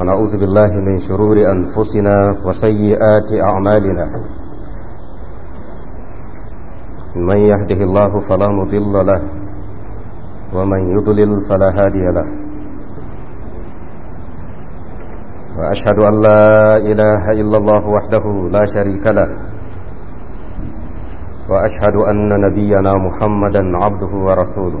ونعوذ بالله من شرور أنفسنا وسيئات أعمالنا من يهده الله فلا مضل له ومن يضلل فلا هادي له وأشهد أن لا إله إلا الله وحده لا شريك له وأشهد أن نبينا محمدا عبده ورسوله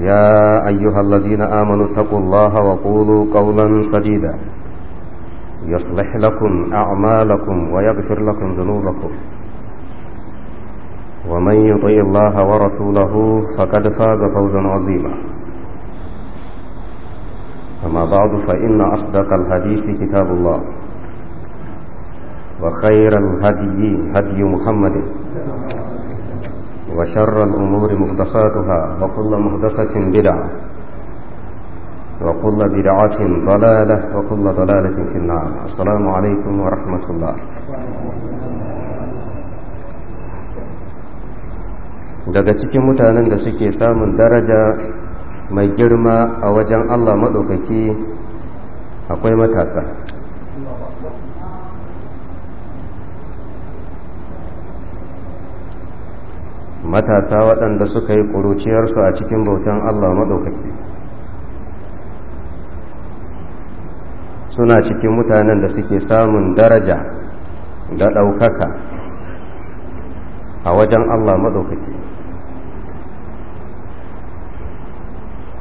يا أيها الذين آمنوا اتقوا الله وقولوا قولا سديدا يصلح لكم أعمالكم ويغفر لكم ذنوبكم ومن يطيع الله ورسوله فقد فاز فوزا عظيما أما بعد فإن أصدق الحديث كتاب الله وخير الهدي هدي محمد وشر الأمور مهدساتها وكل مهدسة بدعة وكل بدعة ضلالة وكل ضلالة في النار السلام عليكم ورحمة الله daga cikin mutanen da suke samun daraja mai girma a wajen Allah maɗaukaki akwai matasa matasa waɗanda suka yi ƙuruciyarsu a cikin bautan Allah maɗaukaki suna cikin mutanen da suke samun daraja da ɗaukaka a wajen Allah maɗaukaki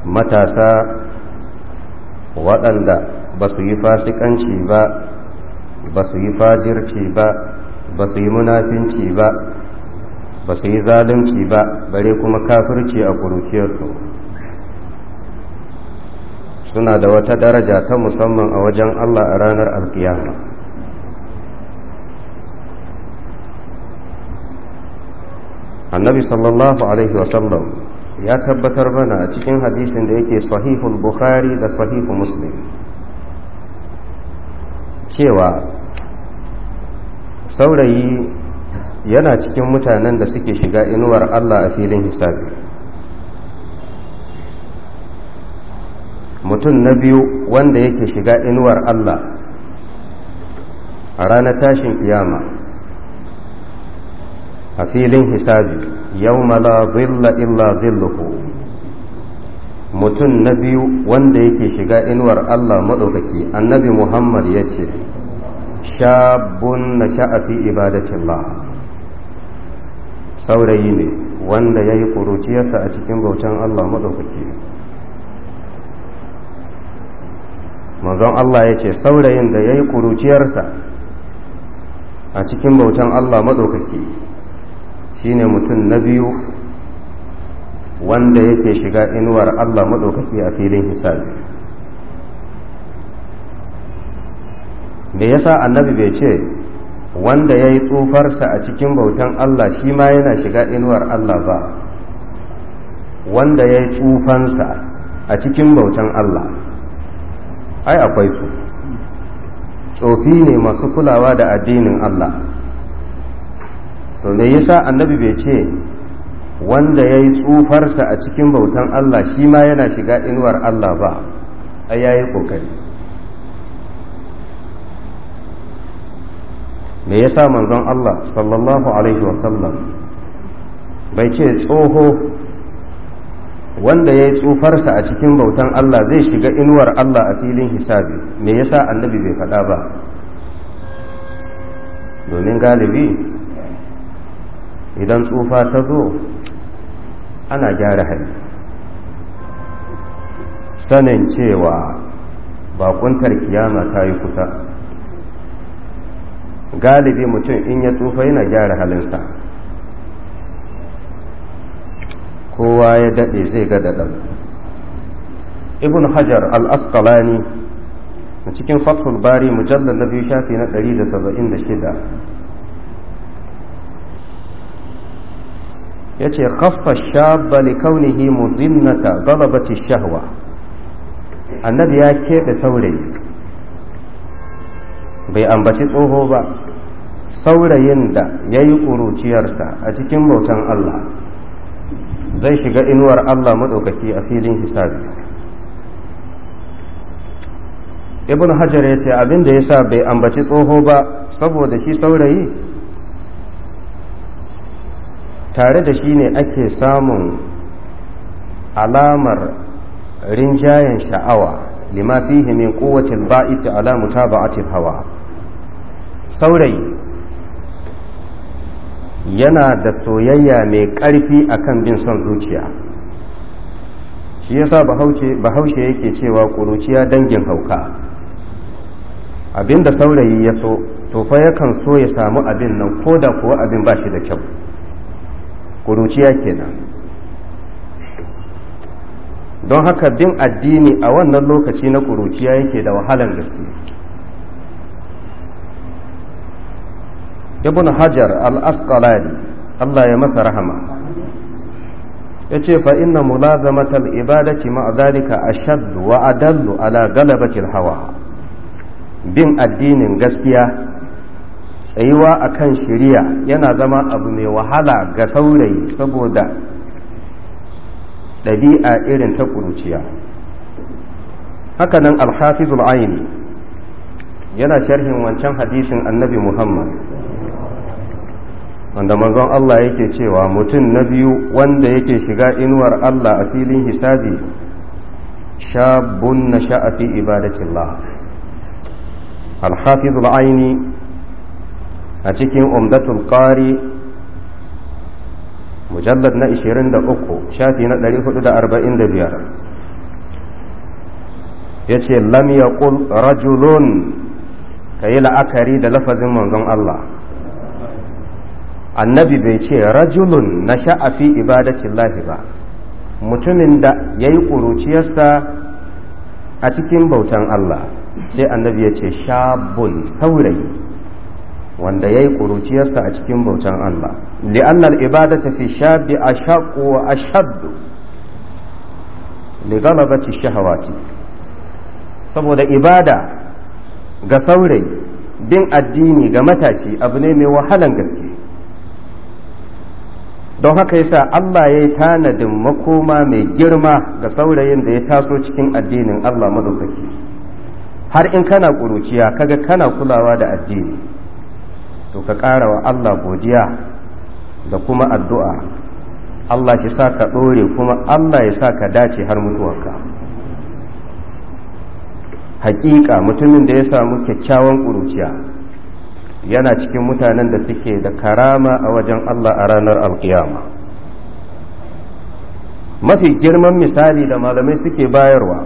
matasa waɗanda ba su yi fasikanci ba ba su yi fajirci ba ba su yi munafinci ba ba su yi zalunci ba bare kuma kafirci a kuruciyarsu suna da wata daraja ta musamman a wajen Allah a ranar alkiyama annabi sallallahu alaihi wasallam ya tabbatar mana a cikin hadisin da yake sahihul bukhari da sahihu muslim cewa saurayi yana cikin mutanen da suke shiga inuwar Allah a filin hisabi mutum na biyu wanda yake shiga inuwar Allah a ranar tashin kiyama a filin hisabi yau la zilla illa zilluhu mutum na biyu wanda yake shiga inuwar Allah maɗaukaki annabi Muhammad ya ce shabun na sha'afi ibadatillah saurayi ne wanda ya yi ƙuruciyarsa a cikin bautan Allah maɗaukaki manzon Allah ya ce saurayin da ya yi ƙuruciyarsa a cikin bautan Allah maɗaukaki ne mutum na biyu wanda yake shiga inuwar Allah maɗaukaki a filin hisabi me yasa annabi bai ce wanda ya yi tsofarsa a cikin bautan Allah shi ma yana shiga inuwar Allah ba wanda ya yi tsufansa a cikin bautan Allah ai akwai su tsofi ne masu kulawa da addinin Allah to me yasa annabi bai ce wanda ya yi tsufarsa a cikin bautan Allah shi ma yana shiga inuwar Allah ba ai ya yi ƙoƙari me yasa manzon Allah sallallahu alaihi wasallam bai ce tsoho wanda ya yi tsufarsa a cikin bautan Allah zai shiga inuwar Allah a filin hisabi me yasa annabi bai faɗa ba domin galibi idan tsufa ta zo ana gyara hali sanin cewa bakuntar kiyama ta yi kusa galibi mutum in ya tsufa yana gyara halinsa kowa ya daɗe zai ga daɗan ibn hajar al-asqalani a cikin fathul bari mujallar na biyu shafi na 176 ya ce khassa shabba li kaunihi muzinnata galabati shahwa annabi ya keɓe saurayi bai ambaci tsoho ba saurayin da ya yi ƙuruciyarsa a cikin bautan Allah zai shiga inuwar Allah maɗaukaki a filin hisabi ibn hajar ya ce abin da ya sa bai ambaci tsoho ba saboda shi saurayi tare da shi ne ake samun alamar rinjayen sha'awa lima fihi min ba'isi ala mutaba'atil hawa saurayi yana da soyayya mai ƙarfi a kan bin son zuciya shi yasa bahaushe yake cewa ƙuruciya dangin hauka abinda saurayi ya so to fa yakan so ya samu abin nan ko da kuwa abin ba shi da kyau ƙuruciya kenan don haka bin addini a wannan lokaci na ƙuruciya yake da wahalar gaske ibn hajar al-asqalani Allah ya masa rahama ya ce fa inna mulazamatal ibadati ma'azalika a shaddu wa adallu ala galabatil hawa bin addinin gaskiya tsayuwa kan shiriya yana zama abu mai wahala ga saurayi saboda ɗabi'a irin ta ƙuruciya hakanan alhafizul aini yana sharhin wancan hadisin annabi muhammad wanda manzon Allah yake cewa mutum na biyu wanda yake shiga inuwar Allah a filin hisabi shabun na sha'afi ibadatillah alhafi aini a cikin umdatul qari mujallad na 23 shafi na 445 ya ce lam ya rajulun ka yi la'akari da lafazin manzon Allah annabi bai ce rajulun na sha'afi ibadatin lahi ba mutumin da ya yi ƙuruciyarsa a cikin bautan Allah sai annabi ya ce shabun saurayi wanda ya yi ƙuruciyarsa a cikin bautan Allah ibada ibadata fi shabi a shaƙo a shaddu li shahawati saboda ibada ga saurayi bin addini ga matashi abu ne mai wahalan gaske don haka yasa Allah ya yi tanadin makoma mai girma ga saurayin da ya taso cikin addinin Allah madaukaki har in kana ƙuruciya kaga kana kulawa da addini to ka ƙara wa Allah godiya da kuma addu'a Allah shi sa ka ɗore kuma Allah ya sa ka dace har mutuwarka hakika mutumin da ya samu kyakkyawan ƙuruciya yana cikin mutanen da suke da karama a wajen Allah a ranar alkiyama mafi girman misali da malamai suke bayarwa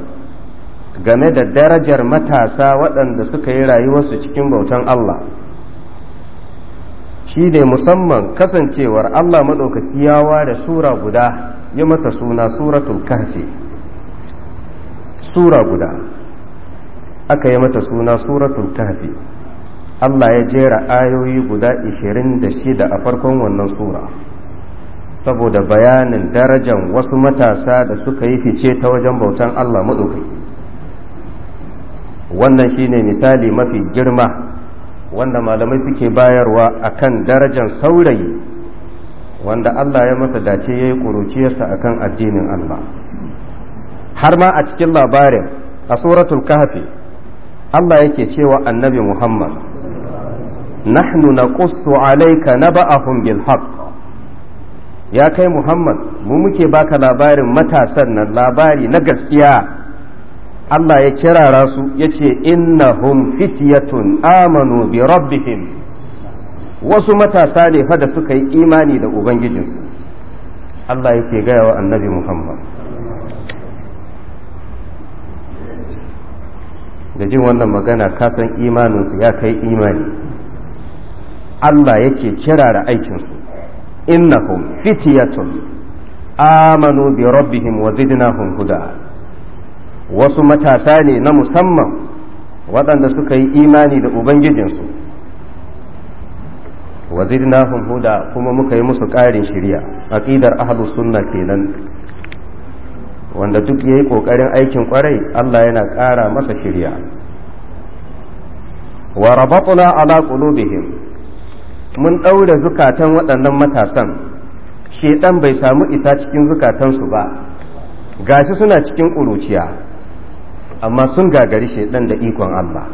game da darajar matasa waɗanda suka yi rayuwarsu cikin bautan Allah shi ne musamman kasancewar Allah maɗaukaki yawa da sura guda ya mata suna suratul kahfi sura guda aka yi mata suna suratul kahfi Allah ya jera ayoyi guda 26 a farkon wannan sura saboda bayanin darajan wasu matasa da suka yi fice ta wajen bautan Allah maɗaukai wannan shine misali mafi girma wanda malamai suke bayarwa akan darajan saurayi wanda Allah ya masa dace ya yi ƙuruciyarsa akan addinin Allah har ma a cikin labarin a suratul kahfi Allah yake cewa annabi Muhammad nahnu na ba a bil haqq ya kai muhammad mu muke baka labarin matasan nan labari na gaskiya Allah ya kirara su ya ce innahum fitiyatun amanu bi rabbihim wasu matasa ne fada suka yi imani da ubangijinsu Allah yake gaya wa annabi Muhammad da jin wannan magana kasan imaninsu ya kai imani Allah yake kirara aikinsu innahum fitiyatun amanu bi rabbihim wa zidnahum huda wasu matasa ne na musamman waɗanda suka yi imani da ubangijinsu wa zidnahum huda kuma muka yi musu ƙarin shirya aqidar ahlus sunna kenan wanda duk yayi ƙoƙarin aikin kwarai Allah yana ƙara masa shirya wa rabatna ala qulubihim mun ɗaure zukatan waɗannan matasan shaidan bai samu isa cikin zukatansu ba gashi suna cikin ƙuruciya amma sun gagari shaidan da ikon Allah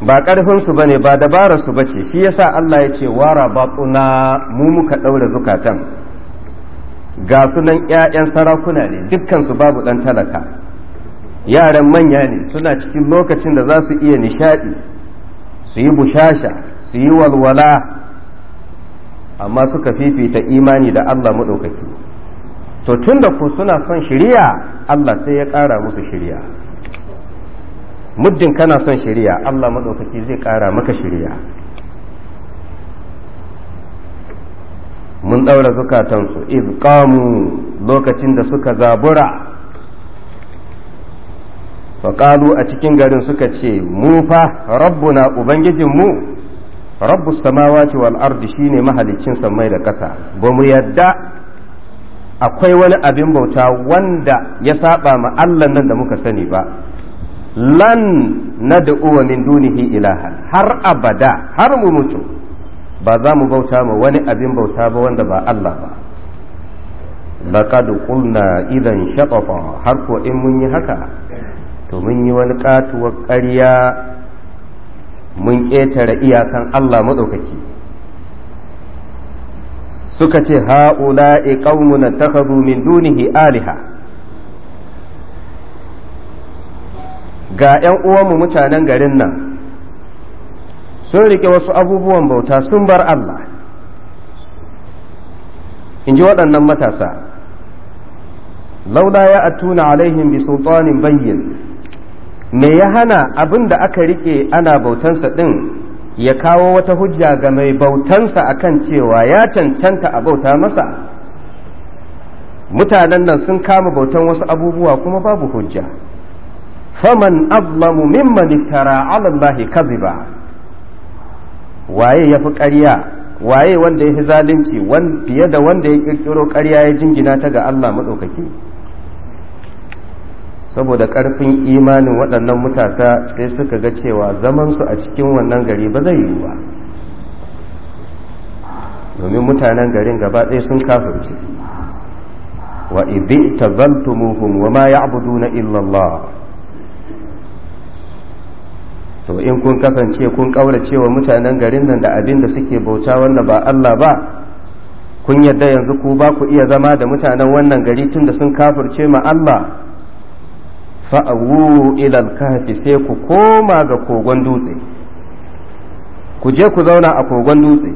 ba ƙarfinsu ba ne ba dabararsu ba ce shi yasa Allah ya ce wara baƙuna mu muka ɗaure zukatan ga sunan 'ya'yan sarakuna ne dukkansu babu ɗan talaka yaran manya ne suna cikin lokacin da za su iya nishaɗi su yi bushasha su yi walwala amma suka fifita imani da Allah maɗaukaki to tun da ku suna son shiriya Allah sai ya ƙara musu shiriya muddin kana son shiriya Allah maɗaukaki zai ƙara maka shiriya mun ɗaura zukatansu izkamu lokacin da suka zabura faƙalu a cikin garin suka ce mu fa rabbuna ubangijinmu rabbus samawati wal ardi shine mahalicin sammai da ƙasa ba mu yadda akwai wani abin bauta wanda ya saba ma Allah nan da muka sani ba lan nad'u min dunihi ilaha har abada har mu mutu ba za mu bauta ma wani abin bauta ba wanda ba Allah ba laqad qulna idan shatata har ko in mun yi haka to mun yi wani katuwar ƙarya mun ƙetare iyakan Allah maɗaukaki suka ce ha'ula'i ƙaununa ta min dunihi aliha ga ‘yan uwanmu mutanen garin nan sun riƙe wasu abubuwan bauta sun bar Allah in ji waɗannan matasa laula ya attuna alaihim bi sultanin bayyin me ya hana abin da aka rike ana bautansa ɗin ya kawo wata hujja ga mai bautansa akan cewa ya cancanta a bauta masa mutanen nan sun kama bautan wasu abubuwa kuma babu hujja faman azlamu min iftara alallahi Allahi kaziba waye ya fi ƙarya waye wanda ya fi zalunci fiye da wanda ya ƙirƙiro ƙarya ya jingina ta ga Allah maɗaukaki saboda ƙarfin imanin waɗannan matasa sai suka ga cewa zamansu a cikin wannan gari ba zai yiwu ba domin mutanen garin gaba ɗaya sun kafirci wa idhi tazaltumuhum wa ma ya'buduna illa Allah to in kun kasance kun kaura cewa mutanen garin nan da abin da suke bauta wanda ba Allah ba kun yadda yanzu ku ba ku iya zama da mutanen wannan gari tunda sun kafirce ma Allah fa'awu ilal kahfi sai ku koma ga kogon dutse ku je ku zauna a kogon dutse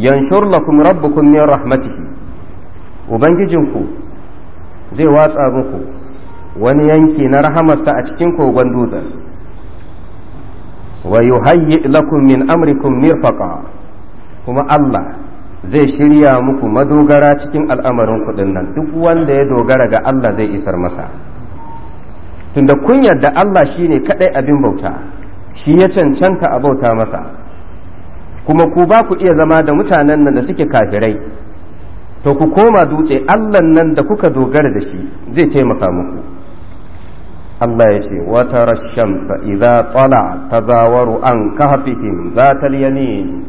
yanshur lakum rabbukum min rahmatihi ubangijinku zai watsa muku wani yanki na rahamarsa a cikin kogon dutsen wa yuhayyi lakum min amrikum mirfaqa kuma Allah zai shirya muku madogara cikin al'amarin kuɗin nan duk wanda ya dogara ga Allah zai isar masa tunda kunyar da Allah shi ne kaɗai abin bauta shi ya cancanta a bauta masa kuma ku ba ku iya zama da mutanen nan da suke kafirai to ku koma dutse Allah nan da kuka dogara da shi zai taimaka muku Allah ya ce wata shamsa tsala ta zawaru an kahfihim zatal yamin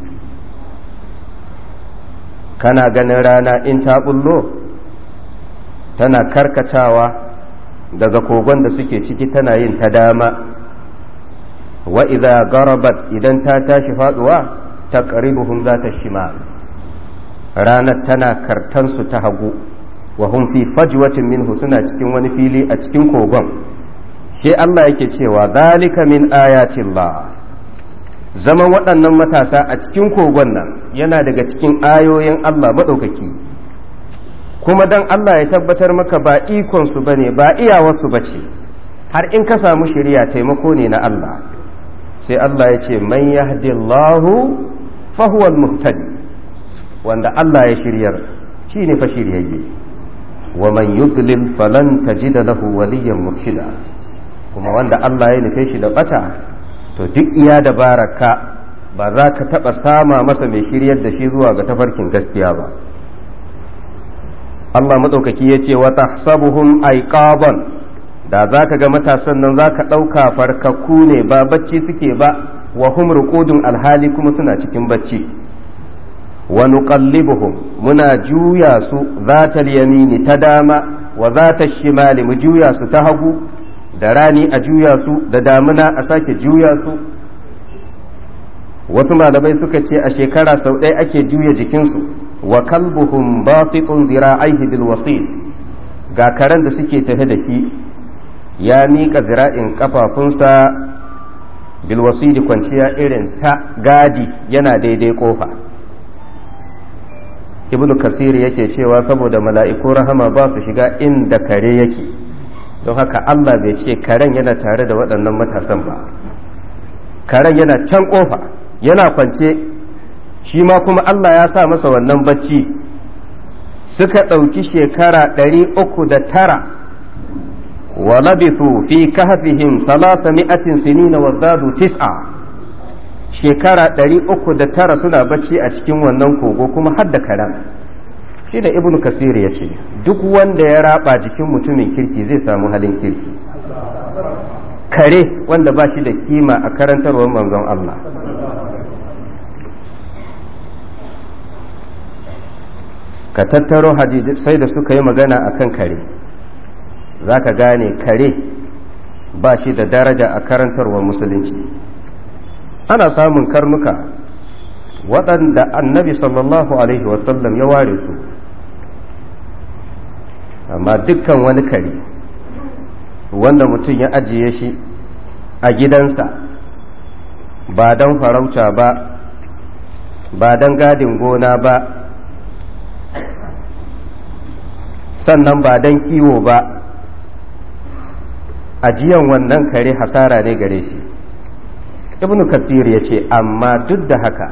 kana ganin rana in ta bullo tana karkatawa daga kogon da suke ciki tana yin ta dama wa idza garabat idan ta tashi faduwa taqribuhum ta shima. ranar tana kartansu ta hagu wa hum fi fajwatin minhu suna cikin wani fili a cikin kogon shi Allah yake cewa zalika min ayatillah zaman waɗannan matasa a cikin kogon nan yana daga cikin ayoyin Allah maɗaukaki kuma dan Allah ya tabbatar maka ba ikonsu ba ne ba iyawarsu ba ce har in ka samu shirya taimako ne na Allah sai Allah ya ce man yahdillahu fahuwal muhtadi wanda Allah ya shiryar shi ne fa shiryayye wa man yudlil falan tajida lahu waliyan murshida kuma wanda Allah ya nufe shi da bata to duk iya dabaraka ba za ka taɓa sama masa mai shiryar da shi zuwa ga tafarkin gaskiya ba Allah maɗaukaki ya ce wata sabuhun aiƙaban da za ka ga matasan nan za ka ɗauka farkaku ne ba bacci suke ba wa hum alhali kuma suna cikin bacci wa nuqallibuhum muna juya su za zatal yamini ta dama wa za ta shimali mu juya su ta hagu da rani a juya su da damuna a sake juya su wasu malamai suka ce a shekara sau ɗaya ake juya jikinsu wa kalbuhum basitun zira'aihi bil wasit ga karen da suke tafe da shi ya miƙa zira'in kafafunsa bil wasili kwanciya irin ta gadi yana daidai kofa ibnu kasir yake cewa saboda mala'iku rahama ba su shiga inda kare yake don haka allah bai ce karen yana tare da waɗannan matasan ba karen yana can kofa yana kwance shi ma kuma Allah ya sa masa wannan bacci suka ɗauki shekara ɗari uku da tara wa labithu fi kahfihim salasa mi'atin sinina wa zadu tis'a shekara ɗari uku da tara suna bacci a cikin wannan kogo kuma har da karan shi da Ibn kasir ya ce duk wanda ya raba jikin mutumin kirki zai samu halin kirki kare wanda ba shi da kima a karantarwar manzon Allah ka tattaro hadidu sai da suka yi magana a kan kare za ka gane kare ba shi da daraja a karantarwar musulunci ana samun karnuka waɗanda annabi sallallahu alaihi wasallam ya ware su amma dukkan wani kare wanda mutum ya ajiye shi a gidansa ba don farauta ba ba don gadin gona ba sannan ba don kiwo ba ajiyan wannan kare hasara ne gare shi ibnu kasir ya ce amma duk da haka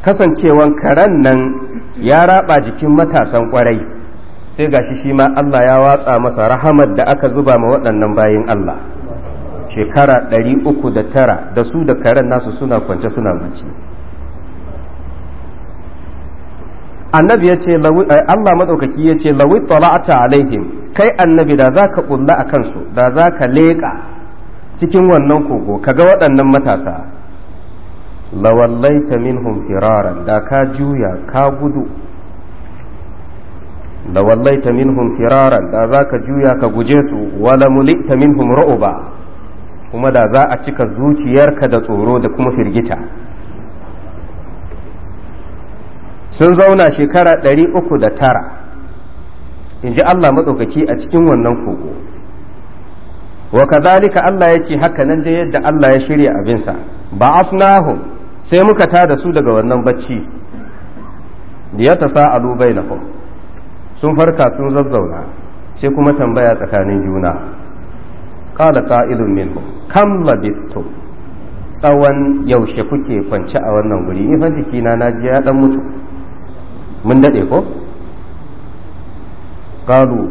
kasancewan karen nan ya raba jikin matasan kwarai sai gashi shi ma Allah ya watsa masa rahamar da aka zuba ma waɗannan bayin Allah shekara 309 da su da karen nasu suna kwance suna mace annabi ya ce eh, Allah maɗaukaki ya ce lawi tala'ata alaihim kai annabi da za ka ƙulla a kansu da za ka leƙa cikin wannan kogo ka ga waɗannan matasa lawallaita minhum firaran da ka juya ka gudu lawallaita minhum firaran da za ka juya ka guje su wala mulita minhum ra'uba kuma da za a cika zuciyarka da tsoro da kuma firgita sun zauna shekara ɗari uku da tara in ji Allah maɗaukaki a cikin wannan kogo wa kazalika Allah ya ce haka nan da yadda Allah ya shirya abinsa ba asnahum sai muka ta da su daga wannan bacci ya na bainahum sun farka sun zazzauna sai kuma tambaya tsakanin juna ta ilin minhum kam labistum tsawon yaushe kuke kwance a wannan guri ni fa jikina ji ya dan mutu mun daɗe ko ƙalu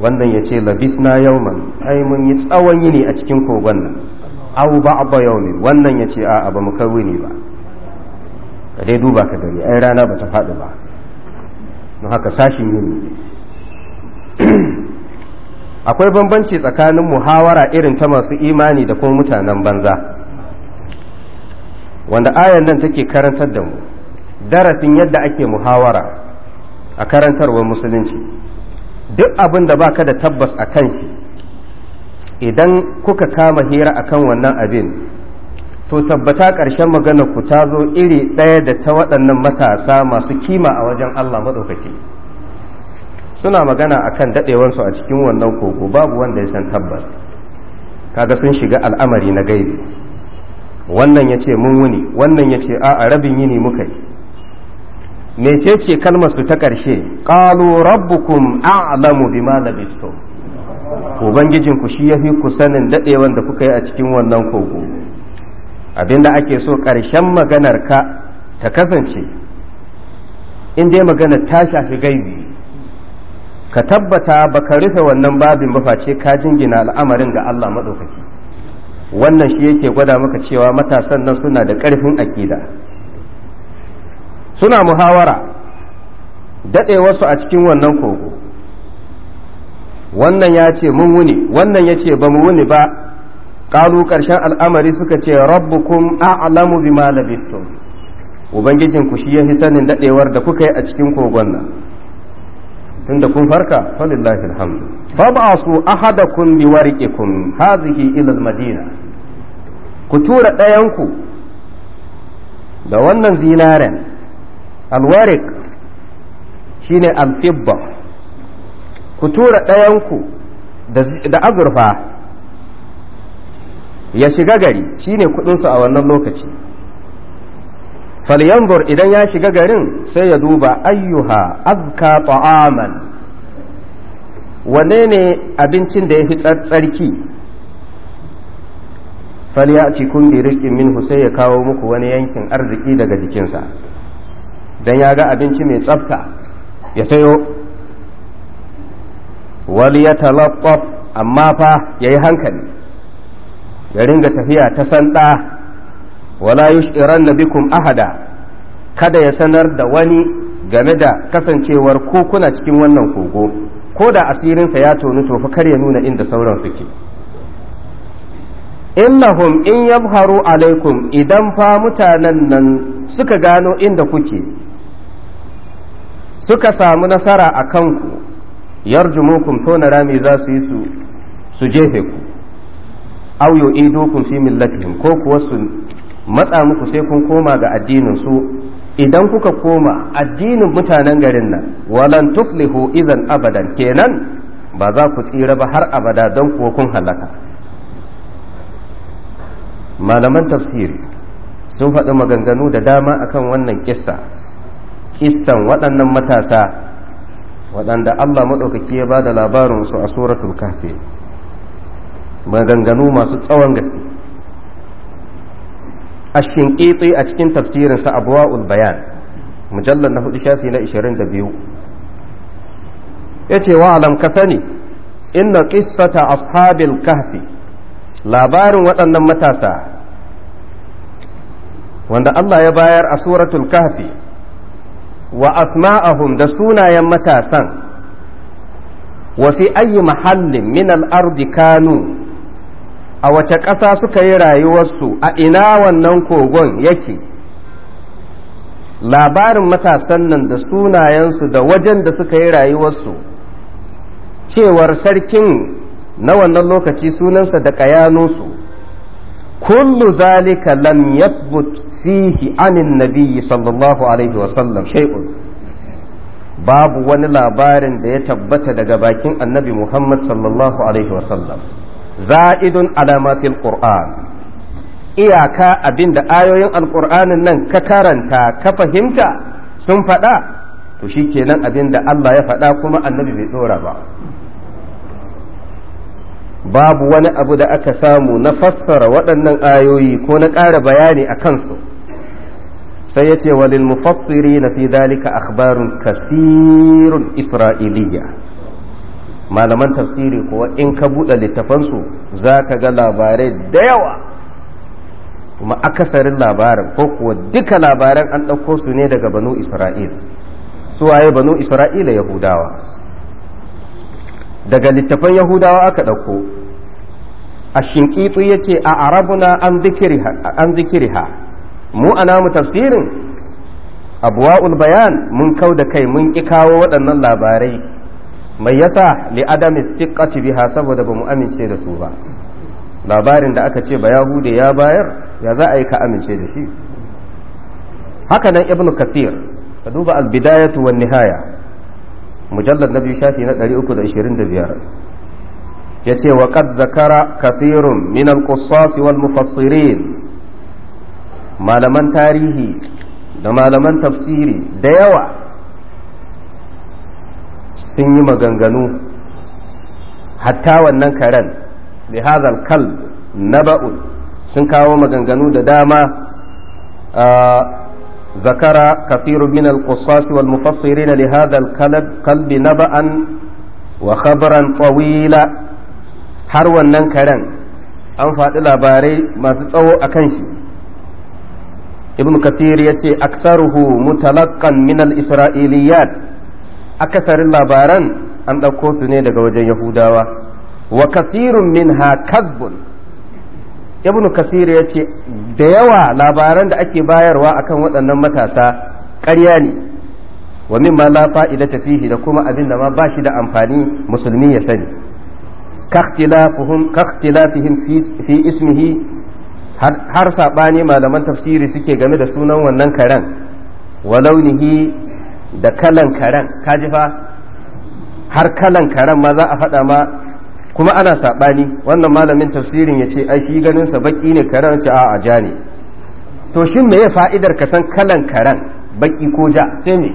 wannan ya ce labisna yauman ai mun yi tsawon yini a cikin kogon nan au ba abba yaumin wannan ya ce a'a ba mu kai wuni ba ka dai duba ka gani ai rana ba ta faɗi ba don haka sashin yini akwai bambanci tsakanin muhawara irin ta masu imani da kuma mutanen banza wanda ayan nan take karantar da mu darasin yadda ake muhawara a karantarwar musulunci duk abin da baka da tabbas a kan shi idan kuka kama hira a kan wannan abin to tabbata ƙarshen magana ku ta zo iri ɗaya da ta waɗannan matasa masu kima a wajen Allah maɗaukaki suna magana a kan daɗewansu a cikin wannan kogo babu wanda ya san tabbas kaga sun shiga al'amari na gaibi wannan ya ce mun wuni wannan ya ce a rabin yini muka yi mecece kalmar su ta ƙarshe qalu rabbukum a'lamu bima labistum ubangijin ku shi yafi ku sanin dadewan da kuka yi a cikin wannan kogo abinda ake so ƙarshen maganar ka ta kasance in dai maganar ta shafi gaibi ka tabbata ba ka rufe wannan babin ba face ka jingina al'amarin ga Allah maɗaukaki wannan shi yake gwada maka cewa matasan nan suna da ƙarfin aƙida suna muhawara daɗe wasu a cikin wannan kogo wannan ya ce mun wuni wannan ya ce ba mu wuni ba ƙalu ƙarshen al'amari suka ce rabbukum a'lamu bima labistum ubangijinku shi ya fi sanin daɗewar da kuka yi a cikin kogon nan tunda kun farka falillahi alhamdu fab'asu ahadakum biwariqikum hazihi ila almadina ku tura ɗayanku da wannan zinaren alwarik shine alfibba ku tura ɗayanku da azurfa ya shiga gari shine kudinsu a wannan lokaci falyanzur idan ya shiga garin sai ya duba ayyuha azka ta'aman wane ne abincin da ya fi tsarki falyati kun bi rizqin minhu sai ya kawo muku wani yankin arziki daga jikinsa don ya ga abinci mai tsafta ya sayo wali ya talattaf amma fa ya yi hankali ya ringa tafiya ta sanda wala yush'iran nabikum ahada kada ya sanar da wani game da kasancewar ko kuna cikin wannan kogo ko da asirinsa ya tonu to fa kar ya nuna inda sauran suke innahum in yabharu alaikum idan fa mutanen nan suka gano inda kuke suka samu nasara a kanku yarjumukum tona rami za su yi su jefe ku aw yu'idukum fi millatihim ko kuwa su matsa muku sai kun koma ga addinin su idan kuka koma addinin mutanen garin nan walan tuflihu idan abadan kenan ba za ku tsira ba har abada don kuwa kun halaka malaman tafsiri sun faɗi maganganu da dama akan wannan kissa kissan waɗannan matasa waɗanda Allah maɗaukaki ya ba da labarinsu a suratul kafe maganganu masu tsawon gaske a shinƙiƙi a cikin tafsirinsa abuwa'ul bayan mujallar na hudu shafi na 22 ya ce wa'alam ka sani inna ƙissata ashabil kahfi labarin waɗannan matasa wanda Allah ya bayar a suratul kahfi wa asma'ahum da sunayen matasan wa fi ayi mahallin min ardi kanu a wace ƙasa suka yi rayuwarsu a ina wannan kogon yake labarin matasan nan da sunayensu da wajen da suka yi rayuwarsu cewar sarkin na wannan lokaci sunansa da ƙayanunsu kullu zalika lam yasbut fihi anin nabiyyi sallallahu alaihi wasallam shay'un babu wani labarin da ya tabbata daga bakin annabi muhammad sallallahu alaihi wasallam za'idun alama fil qur'an iyaka abin da ayoyin alƙur'anin nan ka karanta ka fahimta sun faɗa to shi kenan abin da Allah ya faɗa kuma annabi bai ɗora ba babu wani abu da aka samu na fassara waɗannan ayoyi ko na ƙara bayani a kansu sai ya ce walil mufassiri na fi dalika akhbarun kasirun isra'iliya malaman tafsiri kuwa in ka buɗe littafansu za ka ga labarai da yawa kuma akasarin labarin ko kuwa duka labaran an ɗauko su ne daga banu isra'il suwaye banu isra'ila yahudawa daga littafan yahudawa aka ɗauko a shinkitu ya ce a arabuna an zikiriha mu a namu tafsirin abuwa'ul bayan mun kau da kai mun ƙi kawo waɗannan labarai mai yasa li adami siqati biha saboda ba mu amince da su ba labarin da aka ce ba ya yahude ya bayar ya za a yi ka amince da shi haka nan ibnu kasir ka duba albidayatu wan nihaya mujallar na biyu shafi na 325 yace wa qad zakara kathirun min al wal mufassirin malaman tarihi da malaman tafsiri da yawa sun yi maganganu hatta wannan karen da hazal kal na ba'ul sun kawo maganganu da dama zakara kasiru min al wal mufassirin li hadha al na naba'an wa khabaran tawila har wannan karen an faɗi labarai masu tsawo a kan shi ibn kasir ya ce aksaruhu mutalaqqan minal israiliyat akasarin labaran an ɗauko su ne daga wajen yahudawa wa kasirun ha kasbun ibn kasir ya ce da yawa labaran da ake bayarwa akan waɗannan matasa ƙarya ne wa mimma la fa'idata fihi da kuma abin da ma ba shi da amfani musulmi ya sani ka ikhtilafihim fi ismihi har saɓani malaman tafsiri suke game da sunan wannan karen wa launihi da kalan karen kaji fa har kalan karen ma za a faɗa ma kuma ana saɓani wannan malamin tafsirin ya ce ai shi ganin sa baƙi ne karen ce a ja ne to shin me ya fa'idar ka san kalan karen baƙi ko ja sai me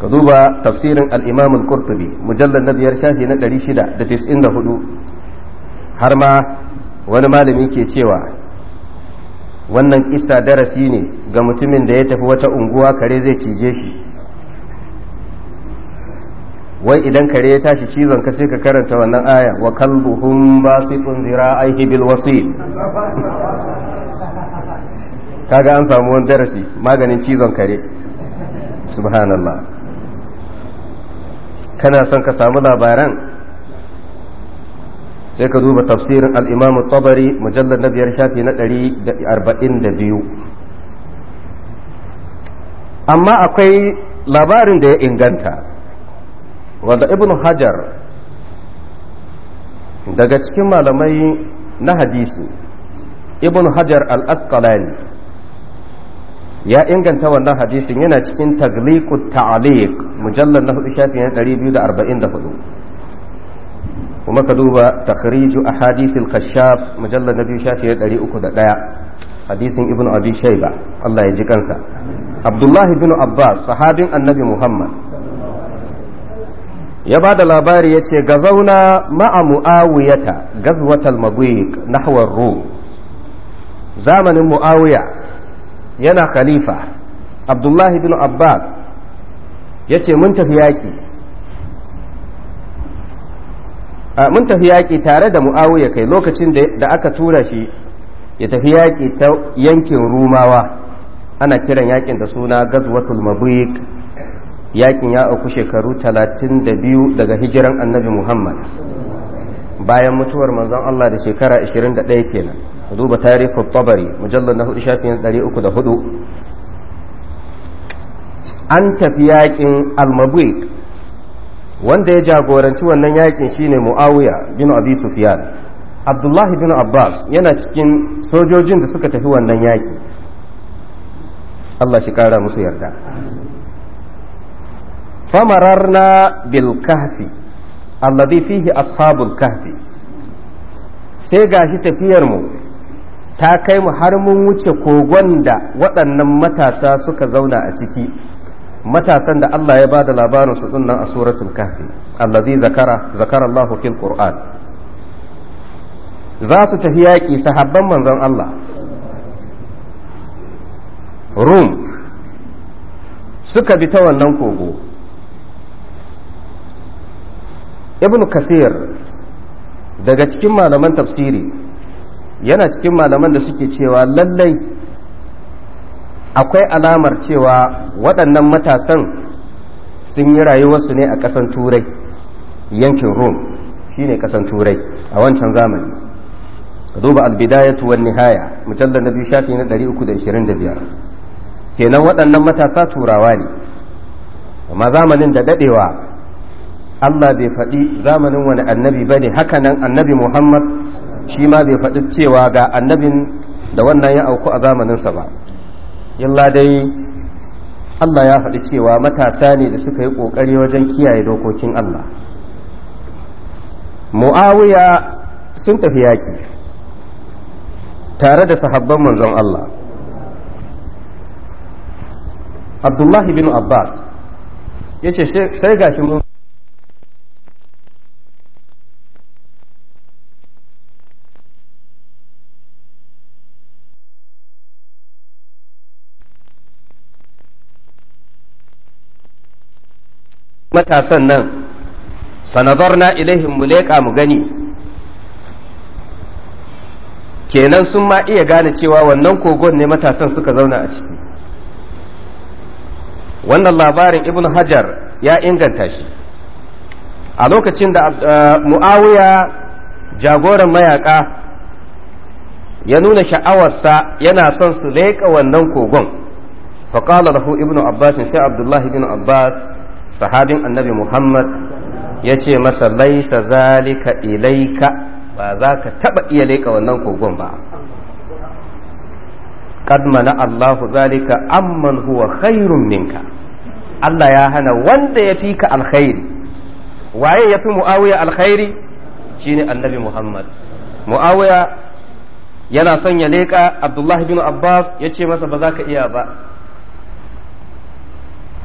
ka duba tafsirin al-imam mujallar qurtubi na biyar shafi na hudu. har ma wani malami ke cewa wannan kisa darasi ne ga mutumin da ya tafi wata unguwa kare zai cije shi wai idan kare ya tashi cizon ka sai ka karanta wannan aya wa kalbuhum basitun zira'ihi bil wasil kaga an samu wani darasi maganin cizon kare subhanallah kana son ka samu labaran sai ka duba tafsirin al'imamu tabari mujallar na biyar shafi na ɗari da arba'in da biyu amma akwai labarin da ya inganta wanda ibn hajar daga cikin malamai na hadisi ibn hajar al-asqalani ya inganta wannan hadisin yana cikin tagliqut ta'aliq mujallar na hudu shafi na biyu da da arba'in hudu. kuma ka duba takhriju hadisin kashaf mujallar na biyu shafi ɗari uku da ɗaya hadisin ibn abi shaiba Allah ya ji kansa abdullahi bin abbas sahabin annabi muhammad ya ba da labari ya ce gazauna ma'a mu'awiyata gazwatal magwiq nahwar ru. zamanin mu'awiya yana khalifa abdullahi bin abbas ya ce mun tafi yaƙi Ah, mun tafi yaƙi tare da mu'awu ya kai lokacin da aka tura shi ya tafi yaƙi ta yankin rumawa ana kiran yaƙin da suna gazwatul mabuik yaƙin ya auku shekaru talatin da biyu daga hijiran annabi muhammad bayan mutuwar manzon allah da shekara 21 kenan duba tarihin tabari mujallar na hudu shafin 304 an tafi yaƙin al mabuik wanda ya jagoranci wannan yakin shine muawiya bin abi sufyan abdullahi bin abbas yana cikin sojojin da suka tafi wannan yaki allah shi kara musu yarda famararna bil kahfi alladhi fihi ashabul kahfi sai gashi tafiyarmu ta kai mu har mun wuce kogon da waɗannan matasa suka zauna a ciki matasan da Allah ya ba da labarin su dinnan a suratul kahfi allazi zakara zakara Allahu fil qur'an za su tafi yaƙi sahabban manzon Allah rum suka bi ta wannan kogo ibn kasir daga cikin malaman tafsiri yana cikin malaman da suke cewa lallai akwai alamar cewa waɗannan matasan sun yi rayuwarsu ne a ƙasan turai yankin rome ne ƙasan turai a wancan zamani ka duba albidayatu wan nihaya mujallar na biyu shafi na 325 kenan waɗannan matasa turawa ne amma zamanin da daɗewa Allah bai faɗi zamanin wani annabi ba ne hakanan annabi Muhammad shi ma bai faɗi cewa ga annabin da wannan ya auku a zamaninsa ba illa dai Allah ya faɗi cewa matasa ne da suka yi ƙoƙari wajen kiyaye dokokin Allah mu'awiya sun tafi yaƙi tare da sahabban manzon Allah abdullahi bin abbas ya ce sai gashi mun matasan nan fanazarna ilaihim mu leƙa mu gani kenan sun ma iya gane cewa wannan kogon ne matasan suka zauna a ciki wannan labarin ibnu hajar ya inganta shi a lokacin da eh, mu'awiya jagoran mayaka ya nuna sha'awarsa yana son su leƙa wannan kogon faƙala lahu ibn abbas sai abdullahi ibn abbas sahabin annabi muhammad ya ce masa laisa zalika ilaika ba za ka taɓa iya leƙa wannan kogon ba kadmana allahu zalika ذلك amman huwa khairun minka Allah ya hana wanda ya fi ka alkhairi waye ya fi mu'awiya alkhairi shine annabi Muhammad mu'awiya yana son ya leƙa Abdullahi bin Abbas ya ce masa ba za ka iya ba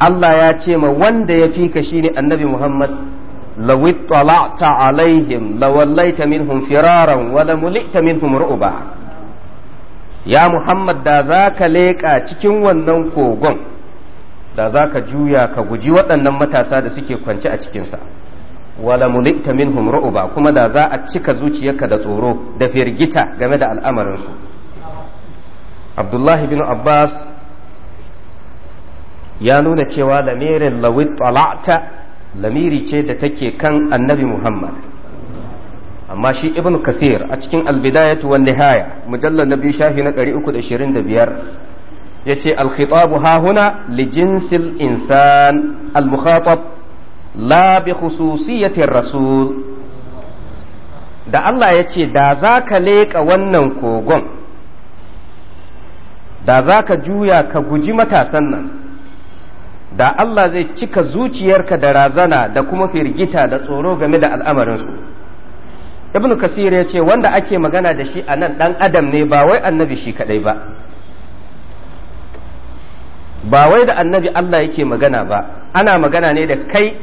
Allah ya ce ma wanda ya fi ka shine annabi Muhammad lawit tala'ta alaihim lawallaita minhum firaran wa mulita minhum ru'ba ya Muhammad da za ka leƙa cikin wannan kogon da za ka juya ka guji waɗannan matasa da suke kwance a cikinsa wala mulita minhum ru'ba kuma da za a cika zuciyarka da tsoro da firgita game da al'amarinsu abdullahi bin abbas ya nuna cewa lamirin Lawi tala'ta lamiri ce da take kan annabi muhammad amma shi ibn kasir a cikin albidayatu wan nihaya mujallar na biyu shafi na 325 ya ce alkhitabu hahuna li jinsil insan al-mukhatab la bi khususiyatin rasul da Allah ya ce da za ka leƙa wannan kogon da za ka juya ka guji matasan nan da Allah zai cika zuciyarka da razana da kuma firgita da tsoro game da al'amarinsu Ibn kasir ya ce wanda ake magana da shi a nan ɗan adam ne ba wai annabi shi kaɗai ba ba wai da annabi Allah yake magana ba ana magana ne da kai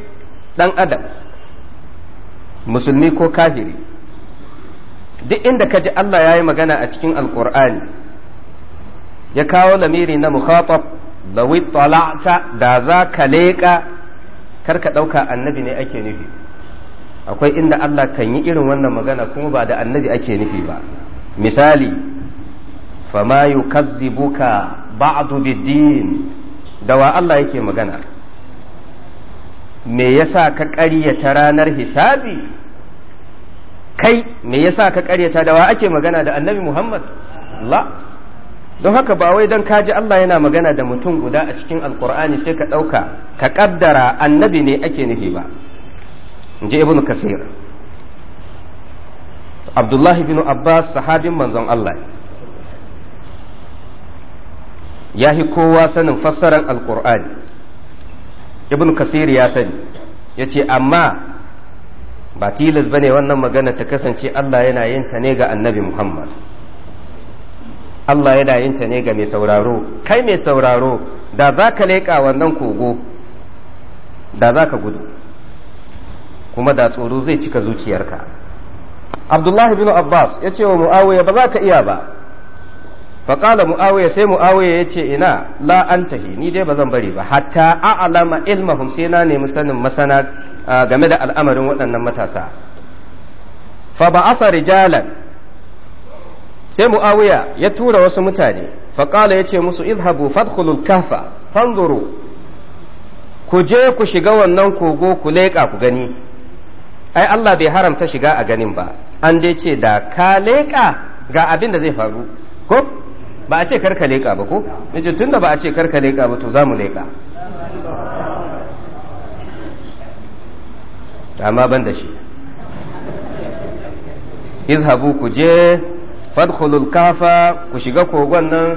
ɗan adam musulmi ko kafiri duk inda ka ji Allah ya yi magana a cikin alƙur'ani ya kawo lamiri na muhafaf. lawi tala'ta da za ka leƙa karka ɗauka annabi ne ake nufi akwai inda Allah kan yi irin wannan magana kuma ba da annabi ake nufi ba misali fama kazzibuka ba'du biddin da wa Allah yake magana me yasa ka ƙaryata ranar hisabi kai me yasa ka ƙaryata da wa ake magana da annabi Muhammad la don haka ba wai don kaji Allah yana magana da mutum guda a cikin alkur'ani sai ka ɗauka ka ƙaddara annabi ne ake nufi ba in ji ibn kasir abdullahi bin abbas sahabin manzon Allah ya fi kowa sanin fassarar alkur'ani ibn kasir ya sani ya ce amma ba tilas ba ne wannan magana ta kasance Allah yana yin ta ne ga annabi muhammad Allah yana yin ta ne ga mai sauraro kai mai sauraro da za ka leƙa wannan kogo da za ka gudu kuma da tsoro zai cika zuciyarka abdullahi bin abbas ya ce wa mu'awiya ba za ka iya ba faƙala mu'awiya sai mu'awiya ya ce ina la ni dai ba zan bari ba hatta a'lama ilmahum sai na nemi sanin masana game da al'amarin waɗannan matasa fa ba'asa rijalan sai muawiya ya tura wasu mutane faƙala ya ce musu izhabu fadkhulul kafa fanzuru ku je ku shiga wannan kogo ku leƙa ku gani ai Allah bai haramta shiga a ganin ba an dai ce da ka leƙa ga abin da zai faru ko ba a ce karka leƙa ba ko nace tunda ba a ce karka leƙa ba to za mu leƙa amma ban da shi izhabu ku je fadkhulul kafa ku shiga kogon nan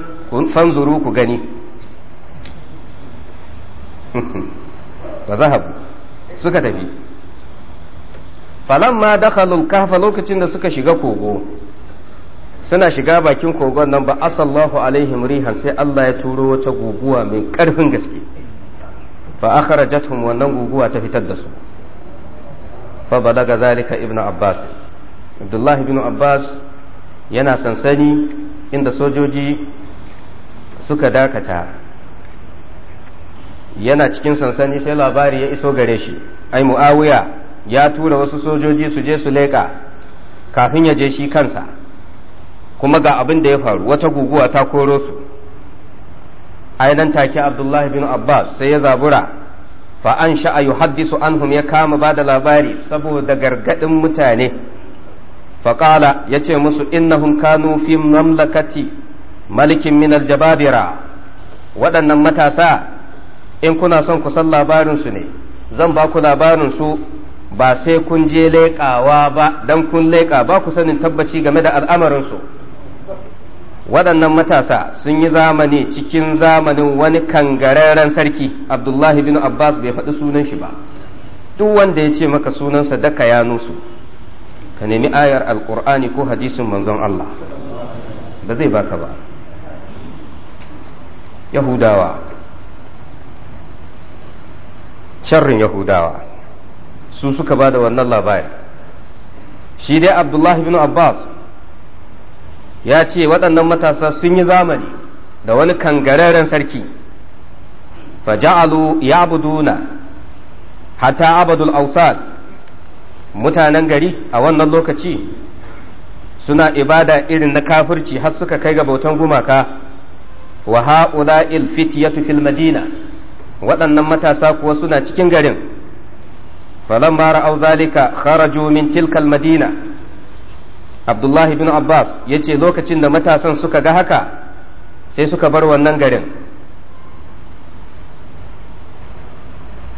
fanzuru ku gani ba zahabu suka tafi falamma dakhalul kafa lokacin da suka shiga kogo suna shiga bakin kogon nan ba asallahu alaihim rihan sai Allah ya turo wata guguwa mai karfin gaske fa akhrajatuhum wannan guguwa ta fitar da su fa balaga zalika ibnu abbas abdullahi ibn abbas yana sansani inda sojoji suka dakata yana cikin sansani sai labari ya iso gare shi ai mu'awiya ya tura wasu sojoji su je su leƙa kafin ya je shi kansa kuma ga abin da ya faru wata guguwa ta koro su ai take abdullahi bin abbas sai ya zabura fa an sha'a yuhaddisu anhum ya kama ba da labari saboda gargadin mutane faƙala ya ce musu innahum kanu fi mamlakati malikin minal jababira waɗannan matasa in kuna son kusan san labarinsu ne zan ba ku labarinsu ba sai kun je leƙawa ba don kun leƙa ba ku sanin tabbaci game da al'amarinsu waɗannan matasa sun yi zamani cikin zamanin wani kangararren sarki abdullahi bin abbas bai faɗi sunan shi ba duk wanda ya ce maka sunansa daka ya nusu ka nemi ayar alkur'ani ko hadisin manzon Allah ba zai baka ba yahudawa sharrin yahudawa su suka ba da wannan labari shi dai abdullahi bin abbas ya ce waɗannan matasa sun yi zamani da wani kangararren sarki faja'alu ya abuduna hatta abadul ausad mutanen gari a wannan lokaci suna ibada irin na kafirci har suka kai ga bautan gumaka wa ha'ula'il fityatu fil madina waɗannan matasa kuwa suna cikin garin falamma ra'aw zalika kharaju min tilkal madina abdullahi bin abbas yace lokacin da matasan suka ga haka sai suka bar wannan garin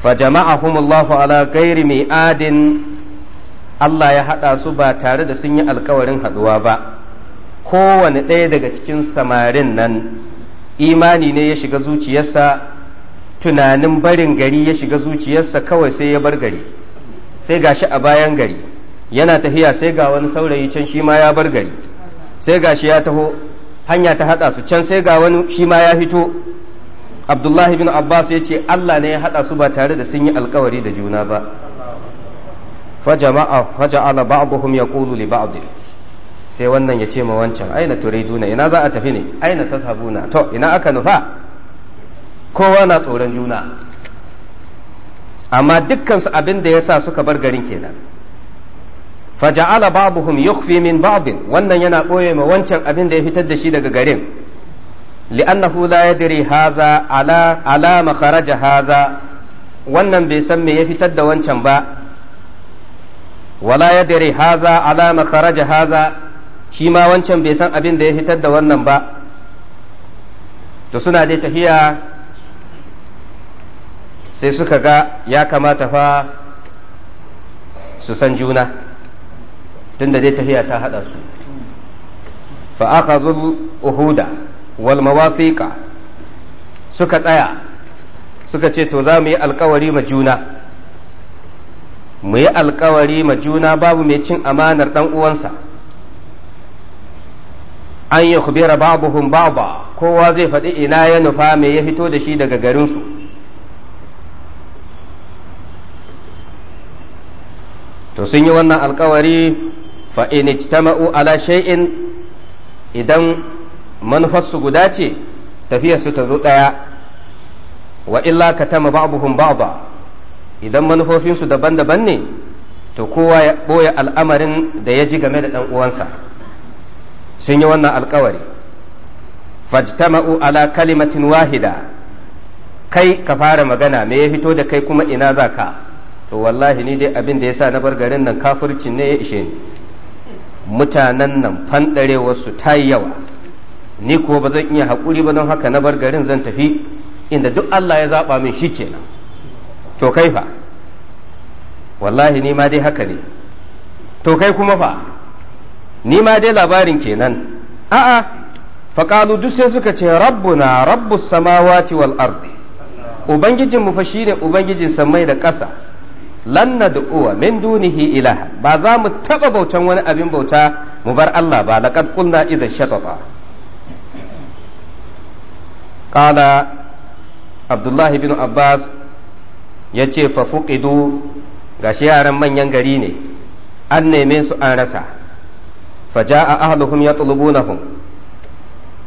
فجمعهم ala على mai adin. Allah ya haɗa su ba tare da sun yi alkawarin haɗuwa ba kowane ɗaya daga cikin samarin nan imani ne ya shiga zuciyarsa tunanin barin gari ya shiga zuciyarsa kawai sai ya bar gari sai gashi a bayan gari yana tafiya sai ga wani saurayi can shi ma ya bar gari sai gashi ya taho hanya ta haɗa su can sai ga wani shi ma ya fito abdullahi bin abbas ya ce allah ne ya haɗa su ba tare da sun yi alkawari da juna ba fajama'a faja'ala ba'dhum yaqulu li ba'd sai wannan ya ce ma wancan aina turiduna ina za a tafi ne aina tashabuna to ina aka nufa kowa na tsoron juna amma dukkan su abin da yasa suka bar garin kenan faja'ala ba'dhum yukhfi min ba'd wannan yana boye ma wancan abin da ya fitar da shi daga garin li'annahu la yadri haza ala ala makharaja haza wannan bai san me ya fitar da wancan ba wala ya dare haza alama kharaja haza shi ma wancan bai san abin da ya fitar da wannan ba to suna dai tafiya sai suka ga ya kamata fa su san juna tunda dai tafiya ta hada su fa akhadhu uhuda wal mawafiqa suka tsaya suka ce to za mu yi alkawari ma juna mu yi alkawari ma juna babu mai cin amanar ɗan uwansa an yi khubira hun baba kowa zai faɗi ina ya nufa mai ya fito da shi daga garinsu to sun yi wannan alkawari fa'in ma'u ala shay'in idan manufarsu guda ce tafiyarsu ta zo ɗaya wa illa ka tama hun ba'ba idan manufofinsu daban-daban ne to kowa ya ɓoye al'amarin da ya ji game da ɗan uwansa sun yi wannan alkawari fajtama'u ala kalimatin wahida kai ka fara magana me ya fito da kai kuma ina za ka to wallahi ni dai abin da ya sa na bar garin nan kafircin ne ya ishe ni mutanen nan fanɗarewarsu ta yi yawa ni ko ba zan iya haƙuri ba don haka na bar garin zan tafi inda duk Allah ya zaɓa min shi kenan to kai fa wallahi ni ma dai haka ne to kai kuma fa ni ma dai labarin kenan a'a faƙalu duk sai suka ce rabbuna Rabbu samawati wal ardi ubangijinmu fa shine ubangijin samai da ƙasa lan nad'uwa min dunihi ilaha ba za mu taba bautan wani abin bauta mu bar Allah ba laqad qulna idan shatata qala abdullahi bin abbas ya ce fa ga gashi yaran manyan gari ne an neme su an rasa fa ja'a ahluhum yatlubunahum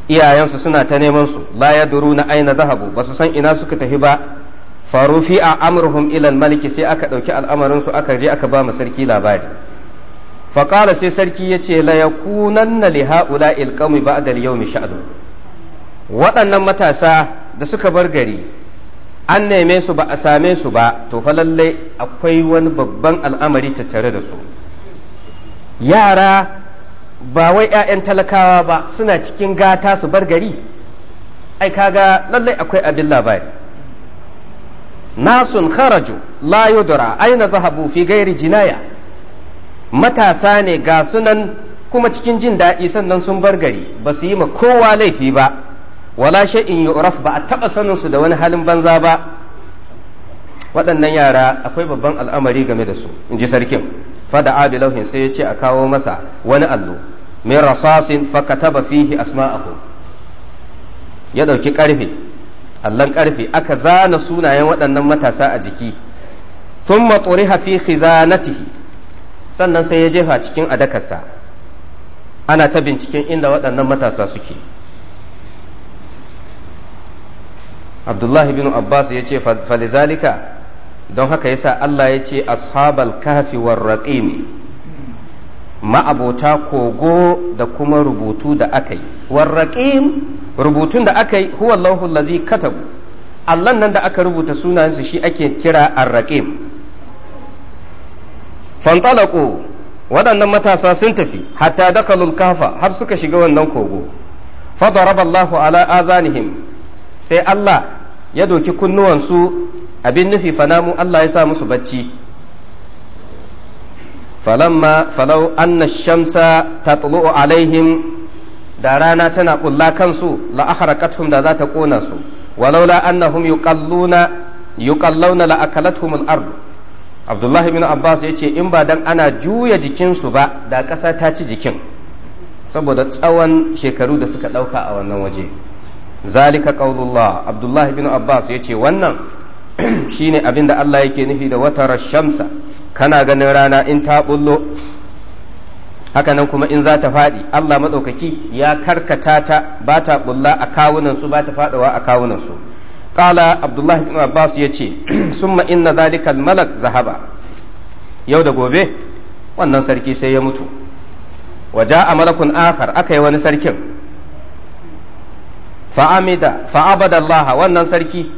iyayensu suna ta neman su layaduru na aina zahabu basu san ina suka tafi ba fa a amruhum ilan maliki sai aka ɗauki al'amarin su aka je aka ba mu sarki labari fakala sai sarki ce la yakunanna kunan ha'ula'il qaumi ba'da al-yawmi sha'du waɗannan matasa da suka bar gari an neme su ba a same su ba to fa lallai akwai wani babban al'amari ta tare da su yara ba wai 'ya'yan talakawa ba suna cikin gata su bar gari ai kaga lallai akwai abin labari nasun kharaju la yudra aina zahabu fi gairi jinaya matasa ne ga sunan kuma cikin jin daɗi sannan sun bar gari ba su yi ma kowa laifi ba wala yi yu'raf ba a taba sanin su da wani halin banza ba waɗannan yara akwai babban al'amari game da su in ji sarkin fada abilauhin sai ya ce a kawo masa wani allo min rasasin kataba fihi asma'ahu ya ɗauki ƙarfe allan ƙarfe aka zana sunayen waɗannan matasa a jiki sun turiha fi khizanatihi sannan sai ya jefa cikin adakarsa ana ta binciken inda waɗannan matasa suke abdullahi bin abbas ya ce falizalika don haka yasa allah ya ce ashabal kahfi war ma'abota kogo da kuma rubutu da aka yi war rubutun da aka yi huwa allahu katabu allah nan da aka rubuta sunayensu shi ake kira ar raqim waɗannan matasa sun tafi hatta dakalul kafa har suka shiga wannan kogo fadaraba Allahu ala azanihim sai Allah ya doki kunnuwansu abin nufi fanamu Allah ya sa musu bacci falamma falau anna shamsa tatlu'u alaihim da rana tana ƙulla kansu la akhraqathum da za ta kona su walaula annahum yuqalluna yuqallawna la akalathum al Abdullahi bin Abbas ya ce in ba dan ana juya jikinsu ba da ƙasa ta ci jikin saboda tsawon shekaru da suka ɗauka a wannan waje zalika qaulullah abdullahi bin abbas yace wannan shine abinda Allah yake nufi da watar shamsa kana ganin rana in ta bullo nan kuma in za ta faɗi Allah maɗaukaki ya karkata ta ba ta bulla a kawunan su ba ta faɗawa a kawunan su qala abdullahi bin abbas yace summa inna zalika malak zahaba yau da gobe wannan sarki sai ya mutu waje a malakun akhar akai wani sarkin fa'amida fa'abadallaha wannan sarki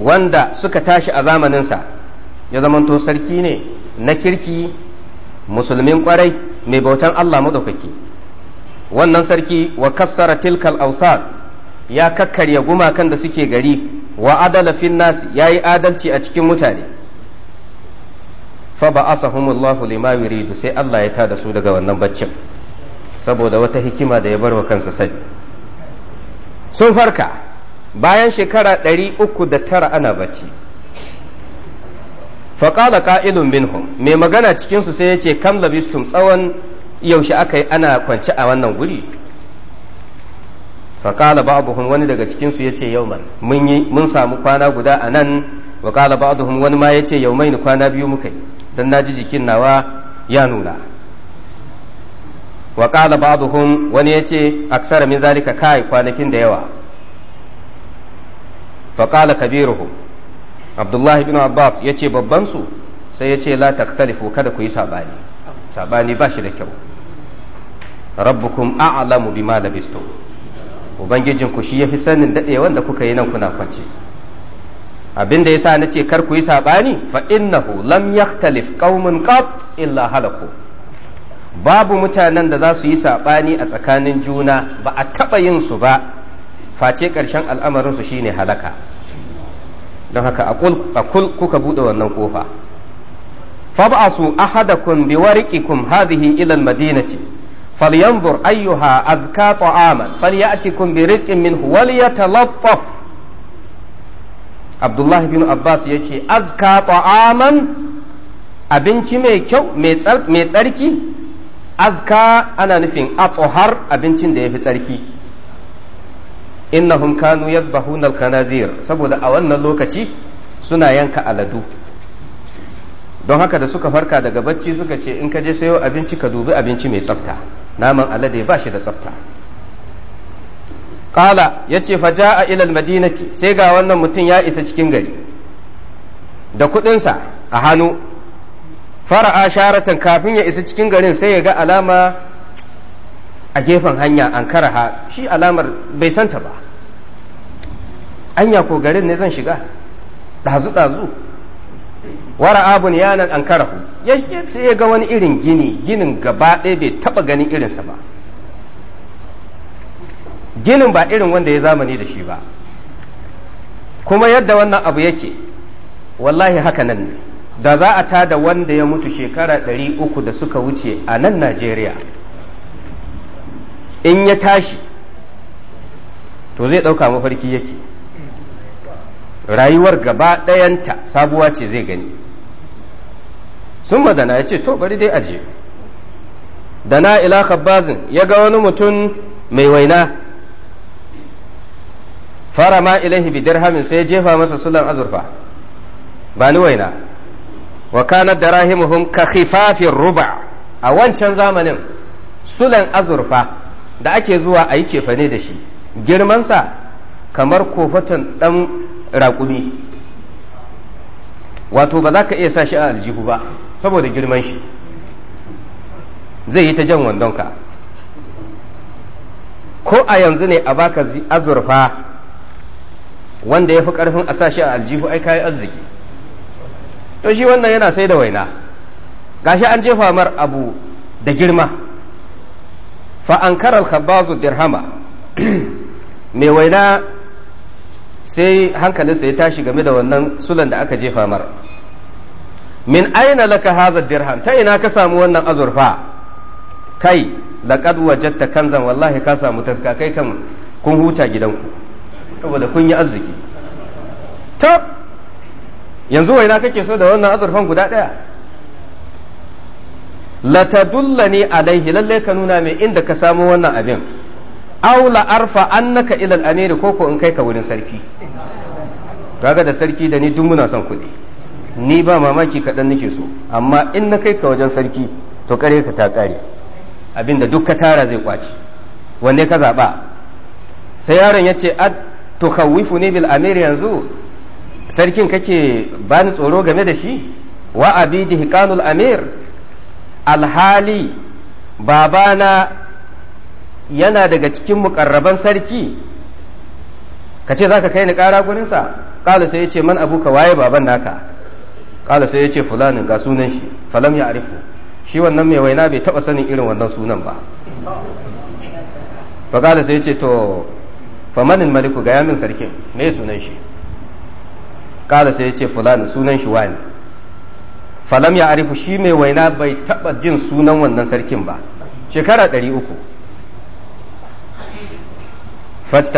wanda suka tashi a zamaninsa ya zamanto sarki ne na kirki musulmin kwarai mai bautan Allah maɗaukaki wannan sarki wa kassara tilkal ausar ya kakkarya gumakan da suke gari wa adala nasi ya yi adalci a cikin mutane fa ba'asahumullahu lima yuridu sai Allah ya tada su daga wannan baccin saboda wata hikima da ya bar wa kansa sai. sun farka bayan shekara ɗari uku da tara ana bacci faƙala ƙa'ilun minhum mai magana cikinsu sai ya ce kam labistum tsawon yaushe aka yi ana kwance a wannan guri faƙala ba'aduhum wani daga cikinsu ya ce yauman mun samu kwana guda a nan wa ba ba'aduhum wani ma ya ce ni kwana biyu muka yi don na ji jikin nawa ya nuna wa qala ba'dhum wani yace aksara min zalika kai kwanakin da yawa fa Kabiru kabiruhum abdullahi bin abbas yace babban su sai yace la taktalifu kada ku yi sabani sabani ba shi da kyau rabbukum a'lamu bima labistum ubangijin ku shi yafi sanin daɗe wanda kuka yi nan kuna kwance abin da na ce kar ku yi sabani fa innahu lam yaktalif qaumun qat illa halaku babu mutanen da za su yi saɓani a tsakanin juna ba a taɓa yin su ba face ƙarshen al'amarinsu shine halaka don haka a kul kuka buɗe wannan ƙofa fab'asu ahadakum biwariqikum hadhihi ila madinati falyanzur ayyuha azka ta'aman falyatikum birizqin minhu walyatalattaf Abdullah bin Abbas yace azka ta'aman abinci mai kyau mai tsarki azka ana nufin atohar abincin da ya fi tsarki innahum kanu yazbahuna al-khanazir saboda a wannan lokaci suna yanka aladu don haka da suka farka daga bacci suka ce in ka je sayo abinci ka dubi abinci mai tsafta naman alade ba shi da tsafta qala yace fa jaa ila ilal madinati sai ga wannan mutum ya isa cikin gari da kudinsa a hannu fara'a sharatan kafin ya isa cikin garin sai ya ga alama a gefen hanya an karaha shi alamar bai santa ba anya ko garin ne zan shiga ɗazu-ɗazu wara abun yanar an karahu sai ya ga wani irin gini ginin gaba ɗaya bai taɓa ganin irinsa ba ginin ba irin wanda ya zamani da shi ba kuma yadda wannan abu yake wallahi haka nan ne da za a tada wanda ya mutu shekara ɗari uku da suka wuce a nan najeriya in ya tashi to zai ɗauka mafarki yake rayuwar gaba ɗayanta sabuwa ce zai gani sun madana ya ce to bari dai aje da na ila khabbazin ya ga wani mutum mai waina fara ma ilahi bi dirhamin sai jefa masa sulan azurfa ba ni waina wa kanat darahimuhum ka khifafir ruba a wancan zamanin sulan azurfa da ake zuwa a yi cefane da shi girmansa kamar kofatan ɗan raƙumi wato ba za ka iya sa shi a aljihu ba saboda girman shi zai yi ta jan wandonka ko a yanzu ne a baka azurfa wanda ya fi ƙarfin a sa shi a aljihu ai kayi arziki to shi wannan yana sai da waina gashi an jefa mar abu da girma fa an karar khabazu dirhama mai waina sai hankalinsa ya tashi game da wannan sulan da aka jefa mar min aina laka haza dirham ta ina ka samu wannan azurfa kai laqad wajadta kanzan wallahi ka samu taska kai kan kun huta gidanku saboda kun yi arziki tab yanzu waina kake so da wannan azurfan guda ɗaya a alaihi lalle ka nuna mai inda ka samu wannan abin aula arfa annaka ilal amiri ko ko in kai ka wurin sarki kaga da sarki da ni duk muna son kuɗi ni ba mamaki kaɗan nake so amma in na kai ka wajen sarki to kare ka ta kare abinda duk ka tara zai kwaci wanne ka zaɓa sai yaron ya ce ad tukhawifu ni bil amiri yanzu sarkin kake bani tsoro game da shi wa abidi hikanul amir alhali babana yana daga cikin mukarraban sarki ka ce za ka kai ni kara gurinsa kala sai ya ce man abuka waye baban naka kala sai ya ce fulanin ga sunan shi falam ya arifu shi wannan mai waina bai taɓa sanin irin wannan sunan ba ba kala sai ya ce to famanin maliku ga yamin sarkin me sunan shi kala sai ya ce fulani sunan shi wani falam ya arifu shi mai waina bai taɓa jin sunan wannan sarkin ba shekara ɗari uku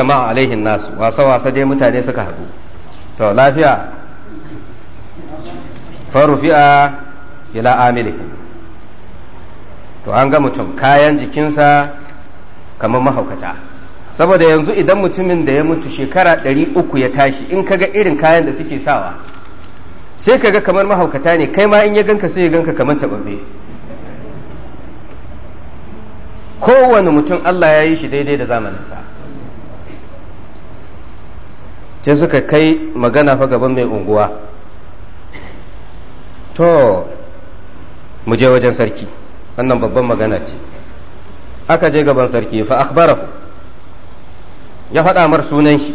ma alaihin nasu wasa wasa dai mutane suka haɗu to lafiya a ila amilihim to an ga mutum kayan jikinsa kamar mahaukata saboda yanzu idan mutumin da ya mutu shekara ɗari uku ya tashi in kaga irin kayan da suke sawa sai kaga kamar mahaukata ne kai ma in ya ganka sai ya ganka kamar taɓaɓɓe kowane mutum Allah ya yi shi daidai da zamaninsa sai suka kai magana fa gaban mai unguwa to mu je wajen sarki wannan babban magana ce aka je gaban sarki fa akhbarahu ya faɗa mar sunan shi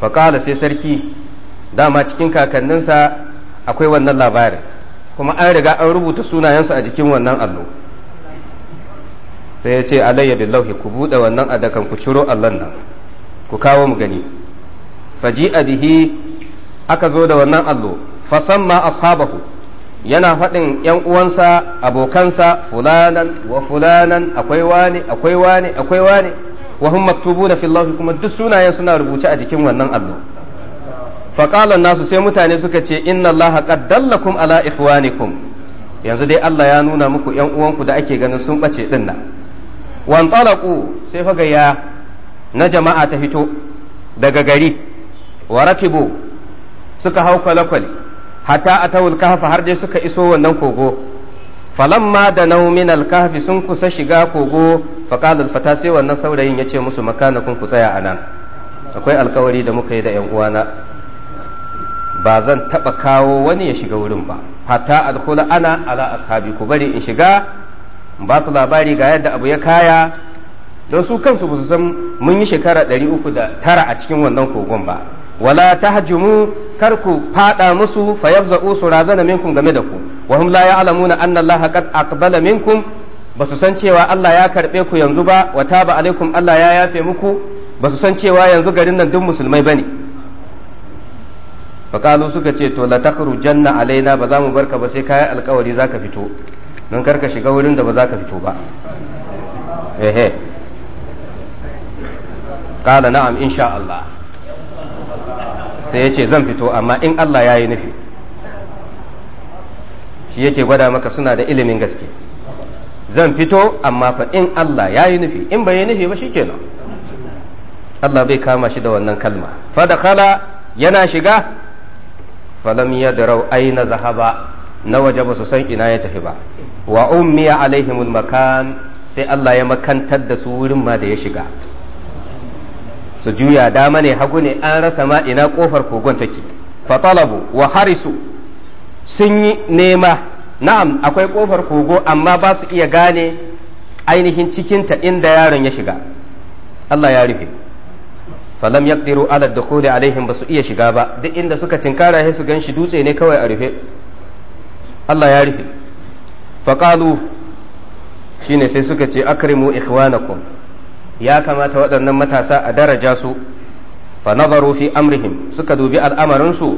faƙala sai sarki dama cikin kakanninsa akwai wannan labarin kuma an riga an rubuta sunayensu a jikin wannan allo sai ya ce alayya billahi ku buɗe wannan adakan ku ciro allon nan ku kawo mu gani faji bihi aka zo da wannan allo ma ashabahu yana faɗin ‘yan uwansa abokansa fulanan wa fulanan akwai wani akwai wani akwai wani wa hum maktubuna fil kuma duk sunayen suna rubuce a jikin wannan allo fa nasu sai mutane suka ce inna allaha qad dallakum ala kum yanzu dai Allah ya nuna muku yan uwanku da ake ganin sun bace din nan wan sai faga ya na jama'a ta fito daga gari wa rakibu suka hau kwale-kwale hatta atawul kahfa har dai suka iso wannan kogo falamma da naumin alkahfi sun kusa shiga kogo faƙal alfata sai wannan saurayin ya ce musu kun ku tsaya anan akwai alkawari da muka yi da yan uwana ba zan taɓa kawo wani ya shiga wurin ba hatta adkhula ana ala ashabi ku bari in shiga ba su labari ga yadda abu ya kaya don su kansu ba su san mun yi shekara ɗari uku da tara a cikin wannan kogon ba wala ta hajjumu kar ku faɗa musu fayabza su razana minkum game da ku wa hum la ya'lamuna anna Allah qad aqbala minkum basu san cewa Allah ya karɓe ku yanzu ba wa taba alaikum Allah ya yafe muku basu san cewa yanzu garin nan duk musulmai bane faqalu suka ce to la takhrujanna alaina ba za mu barka ba sai kai alkawari zaka fito don karka shiga wurin da ba zaka fito ba ehe qala na'am insha Allah sai ya zan fito amma in Allah ya yi nufi shi yake gwada maka suna da ilimin gaske zan fito amma fa in Allah ya yi nufi in bai yi nufi ba shikenan Allah bai kama shi da wannan kalma fadakhala yana shiga falam yadrau aina zahaba na waje ba su san ina ya tafi ba wa ummiya alaihimul makan sai Allah ya makantar da su wurin ma da ya shiga su juya dama ne hagu ne an rasa ma ina kofar kogon take talabu wa harisu sun yi nema na'am akwai kofar kogo amma ba su iya gane ainihin cikinta inda yaron ya shiga Allah ya rufe falam ya yaqdiru ala dukhuli alaihim su iya shiga ba duk inda suka tinkara sai su ganshi dutse ne kawai a rufe Allah ya rufe shi shine sai suka ce akrimu ikhwanakum ya kamata waɗannan matasa a daraja su fa nazaru fi amrihim suka dubi al'amarin su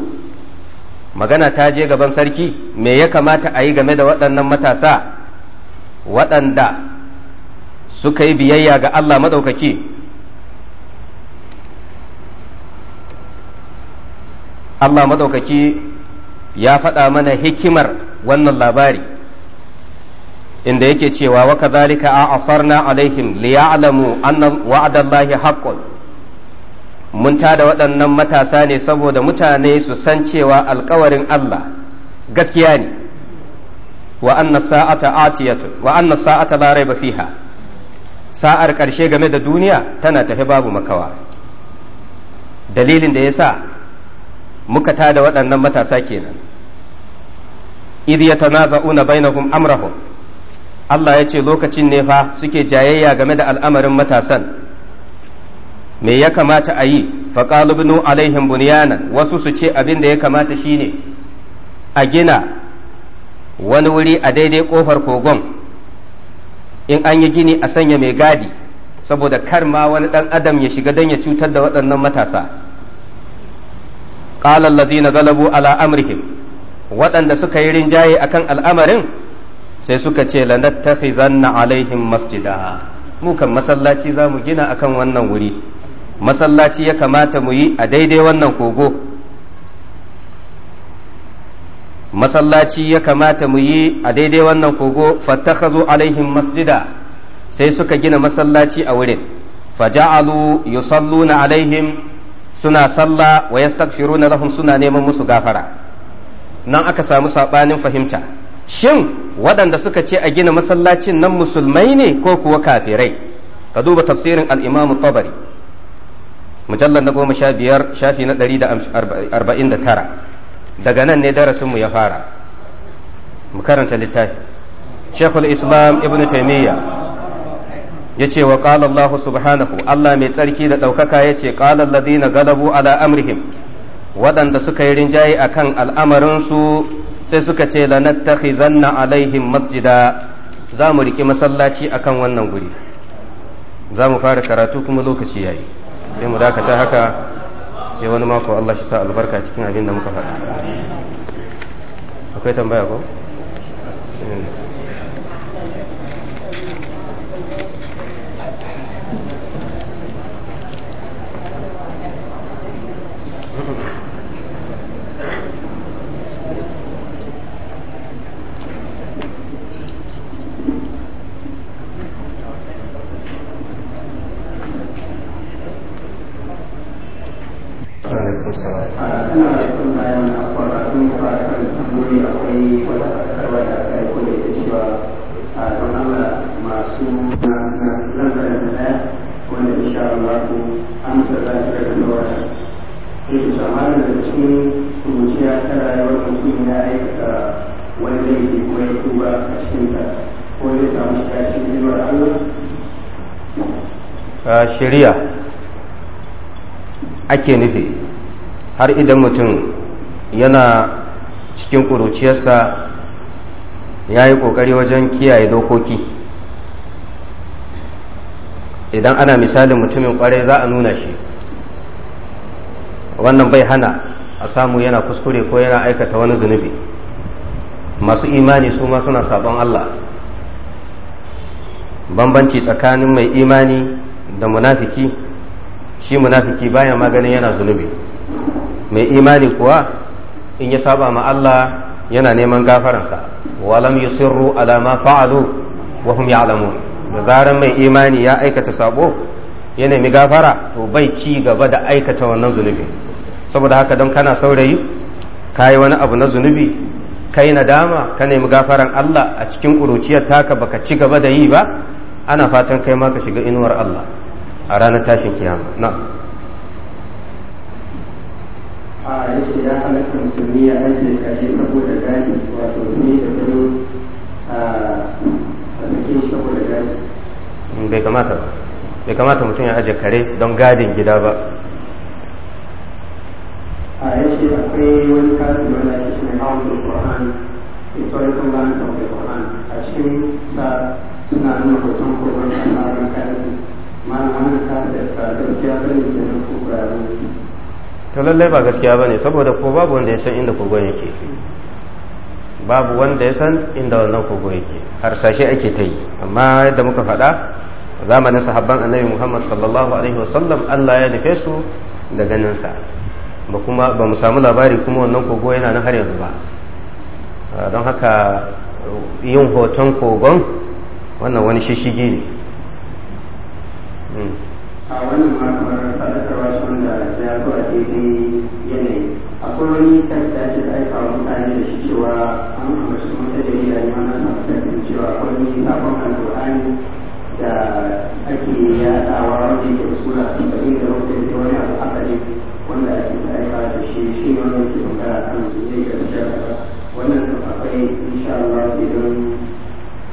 magana ta je gaban sarki me ya kamata a yi game da waɗannan matasa waɗanda suka yi biyayya ga Allah maɗaukaki Allah maɗaukaki ya faɗa mana hikimar wannan labari inda yake cewa wa kadhalika a asarna alaihim liya'lamu anna wa'adallahi haqqun mun tada waɗannan matasa ne saboda mutane su san cewa alkawarin Allah gaskiya ne wa anna sa'ata atiyatu wa anna sa'ata la raiba fiha sa'ar ƙarshe game da duniya tana tafi babu makawa dalilin da ya sa muka da waɗannan matasa kenan idh yatanaza'una bainahum amrahum Allah ya ce lokacin ne fa suke jayayya game da al'amarin matasan me ya kamata a yi faƙalu binu alaihim bunyanan wasu su ce abin da ya kamata shine a gina wani wuri a daidai ƙofar kogon in an yi gini a sanya mai gadi saboda kar ma wani ɗan adam ya shiga don ya cutar da waɗannan matasa ƙalar na galabu ala waɗanda suka yi rinjaye akan al'amarin sai suka ce zanna alaihim masjida mu masallaci za mu gina akan wannan wuri masallaci ya kamata mu yi a daidai wannan kogo masallaci ya kamata mu yi a daidai wannan kogo fattakhazu alaihim masjida sai suka gina masallaci a wurin faja'alu yusalluna alaihim suna sallah wa yastaghfiruna lahum suna neman musu gafara nan aka samu sabanin fahimta shin waɗanda suka ce a gina masallacin nan musulmai ne ko kuwa kafirai ka duba tafsirin al-Imam Tabari mujallar na goma sha biyar shafi na ɗari da arba'in da tara daga nan ne darasinmu ya fara mu karanta littafi shekul islam ibn taimiyya ya ce wa ƙalar lahu subhanahu Allah mai tsarki da ɗaukaka ya ce kalar ladina galabu ala amrihim waɗanda suka yi rinjaye a kan al'amarinsu sai suka ce lanattakhizanna alaihim masjida za mu riki masallaci akan wannan guri za mu fara karatu kuma lokaci yayi sai mu dakata haka sai wani mako Allah shi sa albarka cikin abin da muka faɗa akwai tambaya ko shari'a ake nufi har idan mutum yana cikin ƙuruciyarsa ya yi ƙoƙari wajen kiyaye dokoki idan ana misalin mutumin ƙwarai za a nuna shi wannan bai hana a samu yana kuskure ko yana aikata wani zunubi masu imani su ma suna sabon Allah bambanci tsakanin mai imani da munafiki shi munafiki baya maganin yana zunubi mai imani kuwa in ya saba ma Allah yana neman gafaransa walam yusirru ala ma fa'alu wa hum ya'lamun da zaran mai imani ya aikata sabo ya nemi gafara to bai ci gaba da aikata wannan zunubi saboda haka don kana saurayi ka wani abu na zunubi kai nadama ka nemi gafaran Allah a cikin ƙuruciyar taka baka ci gaba da yi ba ana fatan kai ma ka shiga inuwar Allah a ranar tashin kiyama na a ce ya halatta musulmi ya ajiye kare saboda gadi wato su ne da kare a sake shi saboda gadi mm, bai kamata ba bai kamata mutum ya ajiye kare don gadin gida ba a ce akwai wani kasu wanda ake shi ne ma'aikul qur'an historical lands of the qur'an a cikin sa suna nuna hoton kurban a tsarin kare to lallai ba gaskiya ba ne saboda ko babu wanda ya san inda kogon yake babu wanda ya san inda wannan kogon yake sashe ake ta yi amma yadda muka faɗa zamanin sahabban annabi muhammad sallallahu alaihi wasallam allah ya nufe su da ganinsa ba kuma ba mu samu labari kuma wannan kogo yana nan har yanzu ba don haka yin hoton kogon wannan wani shishigi ne a wannan makamar sadakarwa shi wanda ya zo a daidai yanayi akwai wani text da ake aika wa mutane da shi cewa an ambaci wata jarida ne wannan samun text cewa akwai wani sabon alƙur'ani da ake yaɗawa wanda yake sura saba'in da wata wani abu haka wanda ake aika da shi shi ne wanda yake magana kan zai gaskiya wannan akwai insha Allah idan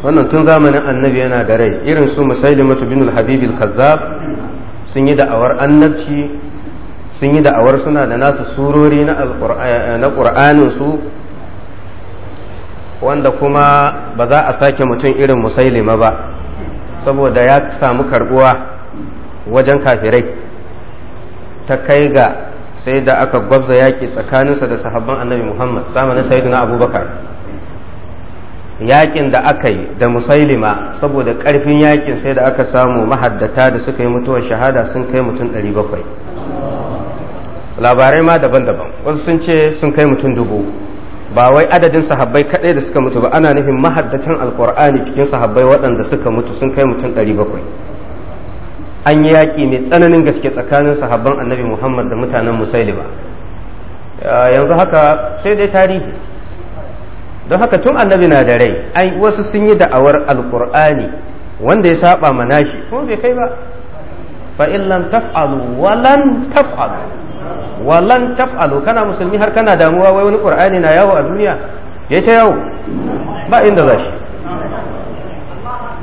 wannan tun zamanin annabi yana da rai irin su mutu bin al-habib al-kazzab sun yi da'awar annabci sun yi da'awar suna da nasu surori na al-qur'anin su wanda kuma ba za a sake mutum irin musailima ba saboda ya samu karbuwa wajen kafirai ta kai ga sai da aka gwabza yaƙi tsakaninsa da sahabban annabi muhammad zamanin sayyidina abubakar yakin da aka yi da musailima saboda karfin yakin sai da aka samu mahaddata da suka yi mutuwar shahada sun kai mutum 700 labarai ma daban-daban wasu sun ce sun kai mutum dubu ba wai adadin sahabbai kadai da suka mutu ba ana nufin mahaddatan alkur'ani cikin sahabbai waɗanda suka mutu sun kai mutum 700 an yi yaƙi mai tsananin gaske tsakanin sahabban annabi muhammad da mutanen musailima yanzu haka sai dai tarihi don haka tun annabi na da rai ai wasu sun yi da'awar alkur'ani wanda ya saba ma nashi ko bai kai ba fa in lam taf'alu walan taf'alu walan taf'alu kana musulmi har kana damuwa wai wani qur'ani na yawo a duniya ya ta yawo ba inda za shi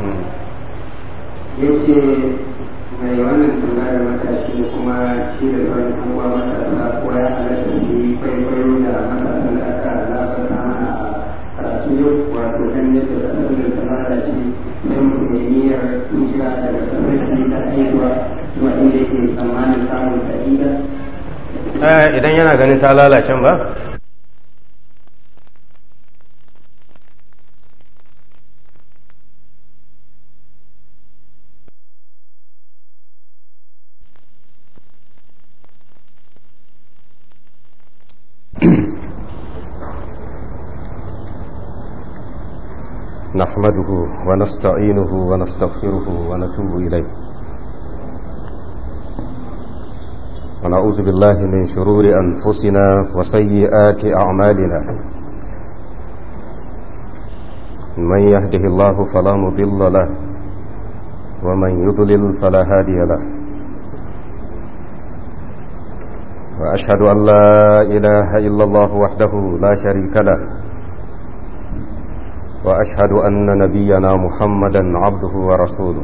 hmm. yace mai wannan tambayar matashi kuma shi da sauran kuma matasa ko ya halatta shi kwaikwayo da yake tsammanin samun sa'ida eh, idan yana ganin ta lalace ba نحمده ونستعينه ونستغفره ونتوب ونعوذ بالله من شرور أنفسنا وسيئات أعمالنا من يهده الله فلا مضل له ومن يضلل فلا هادي له وأشهد أن لا إله إلا الله وحده لا شريك له وأشهد أن نبينا محمدا عبده ورسوله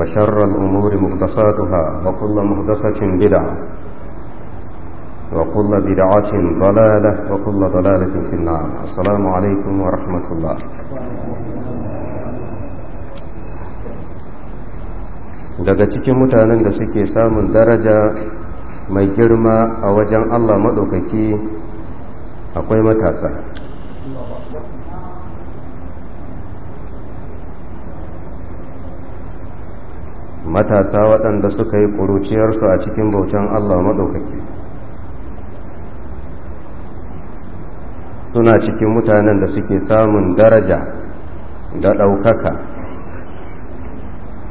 وشر الأمور مهدساتها وكل مهدسة بدعة وكل بدعة ضلالة وكل ضلالة في النار السلام عليكم ورحمة الله daga cikin mutanen da suke samun daraja mai girma a wajen Allah maɗaukaki akwai matasa matasa waɗanda suka yi ƙuruciyarsu a cikin bautan Allah maɗaukaki suna cikin mutanen da suke samun daraja da ɗaukaka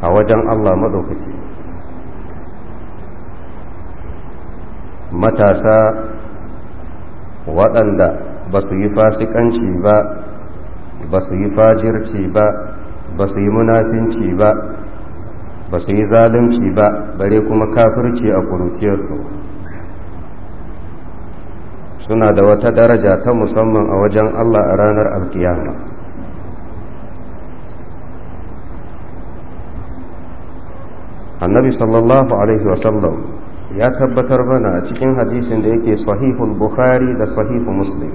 a wajen Allah maɗaukaki matasa waɗanda ba su yi fasikanci ba ba su yi fajirci ba ba su yi munafinci ba ba su yi zalunci ba bare kuma kafirci a kurutiyarsu suna da wata daraja ta musamman a wajen Allah a ranar alkiyama annabi sallallahu alaihi wasallam ya tabbatar mana a cikin hadisin da yake sahihul bukhari da sahihu muslim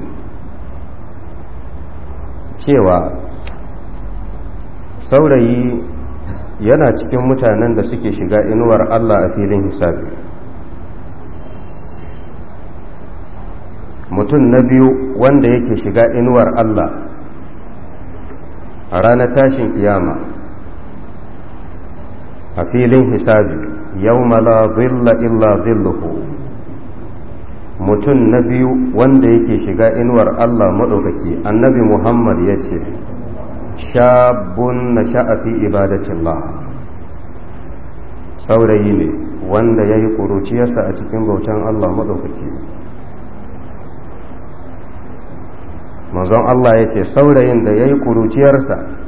cewa saurayi yana cikin mutanen da suke shiga inuwar Allah a filin hisabi mutum na biyu wanda yake shiga inuwar Allah a ranar tashin kiyama a filin hisabi yau la zilla illa zilluhu mutum na biyu wanda yake shiga inuwar Allah maɗaukaki annabi Muhammad ya ce shabun nasha'a fi ibadatillah saurayi ne wanda ya yi ƙuruciyarsa a cikin bautan Allah maɗaukaki manzon Allah ya ce saurayin da ya yi ƙuruciyarsa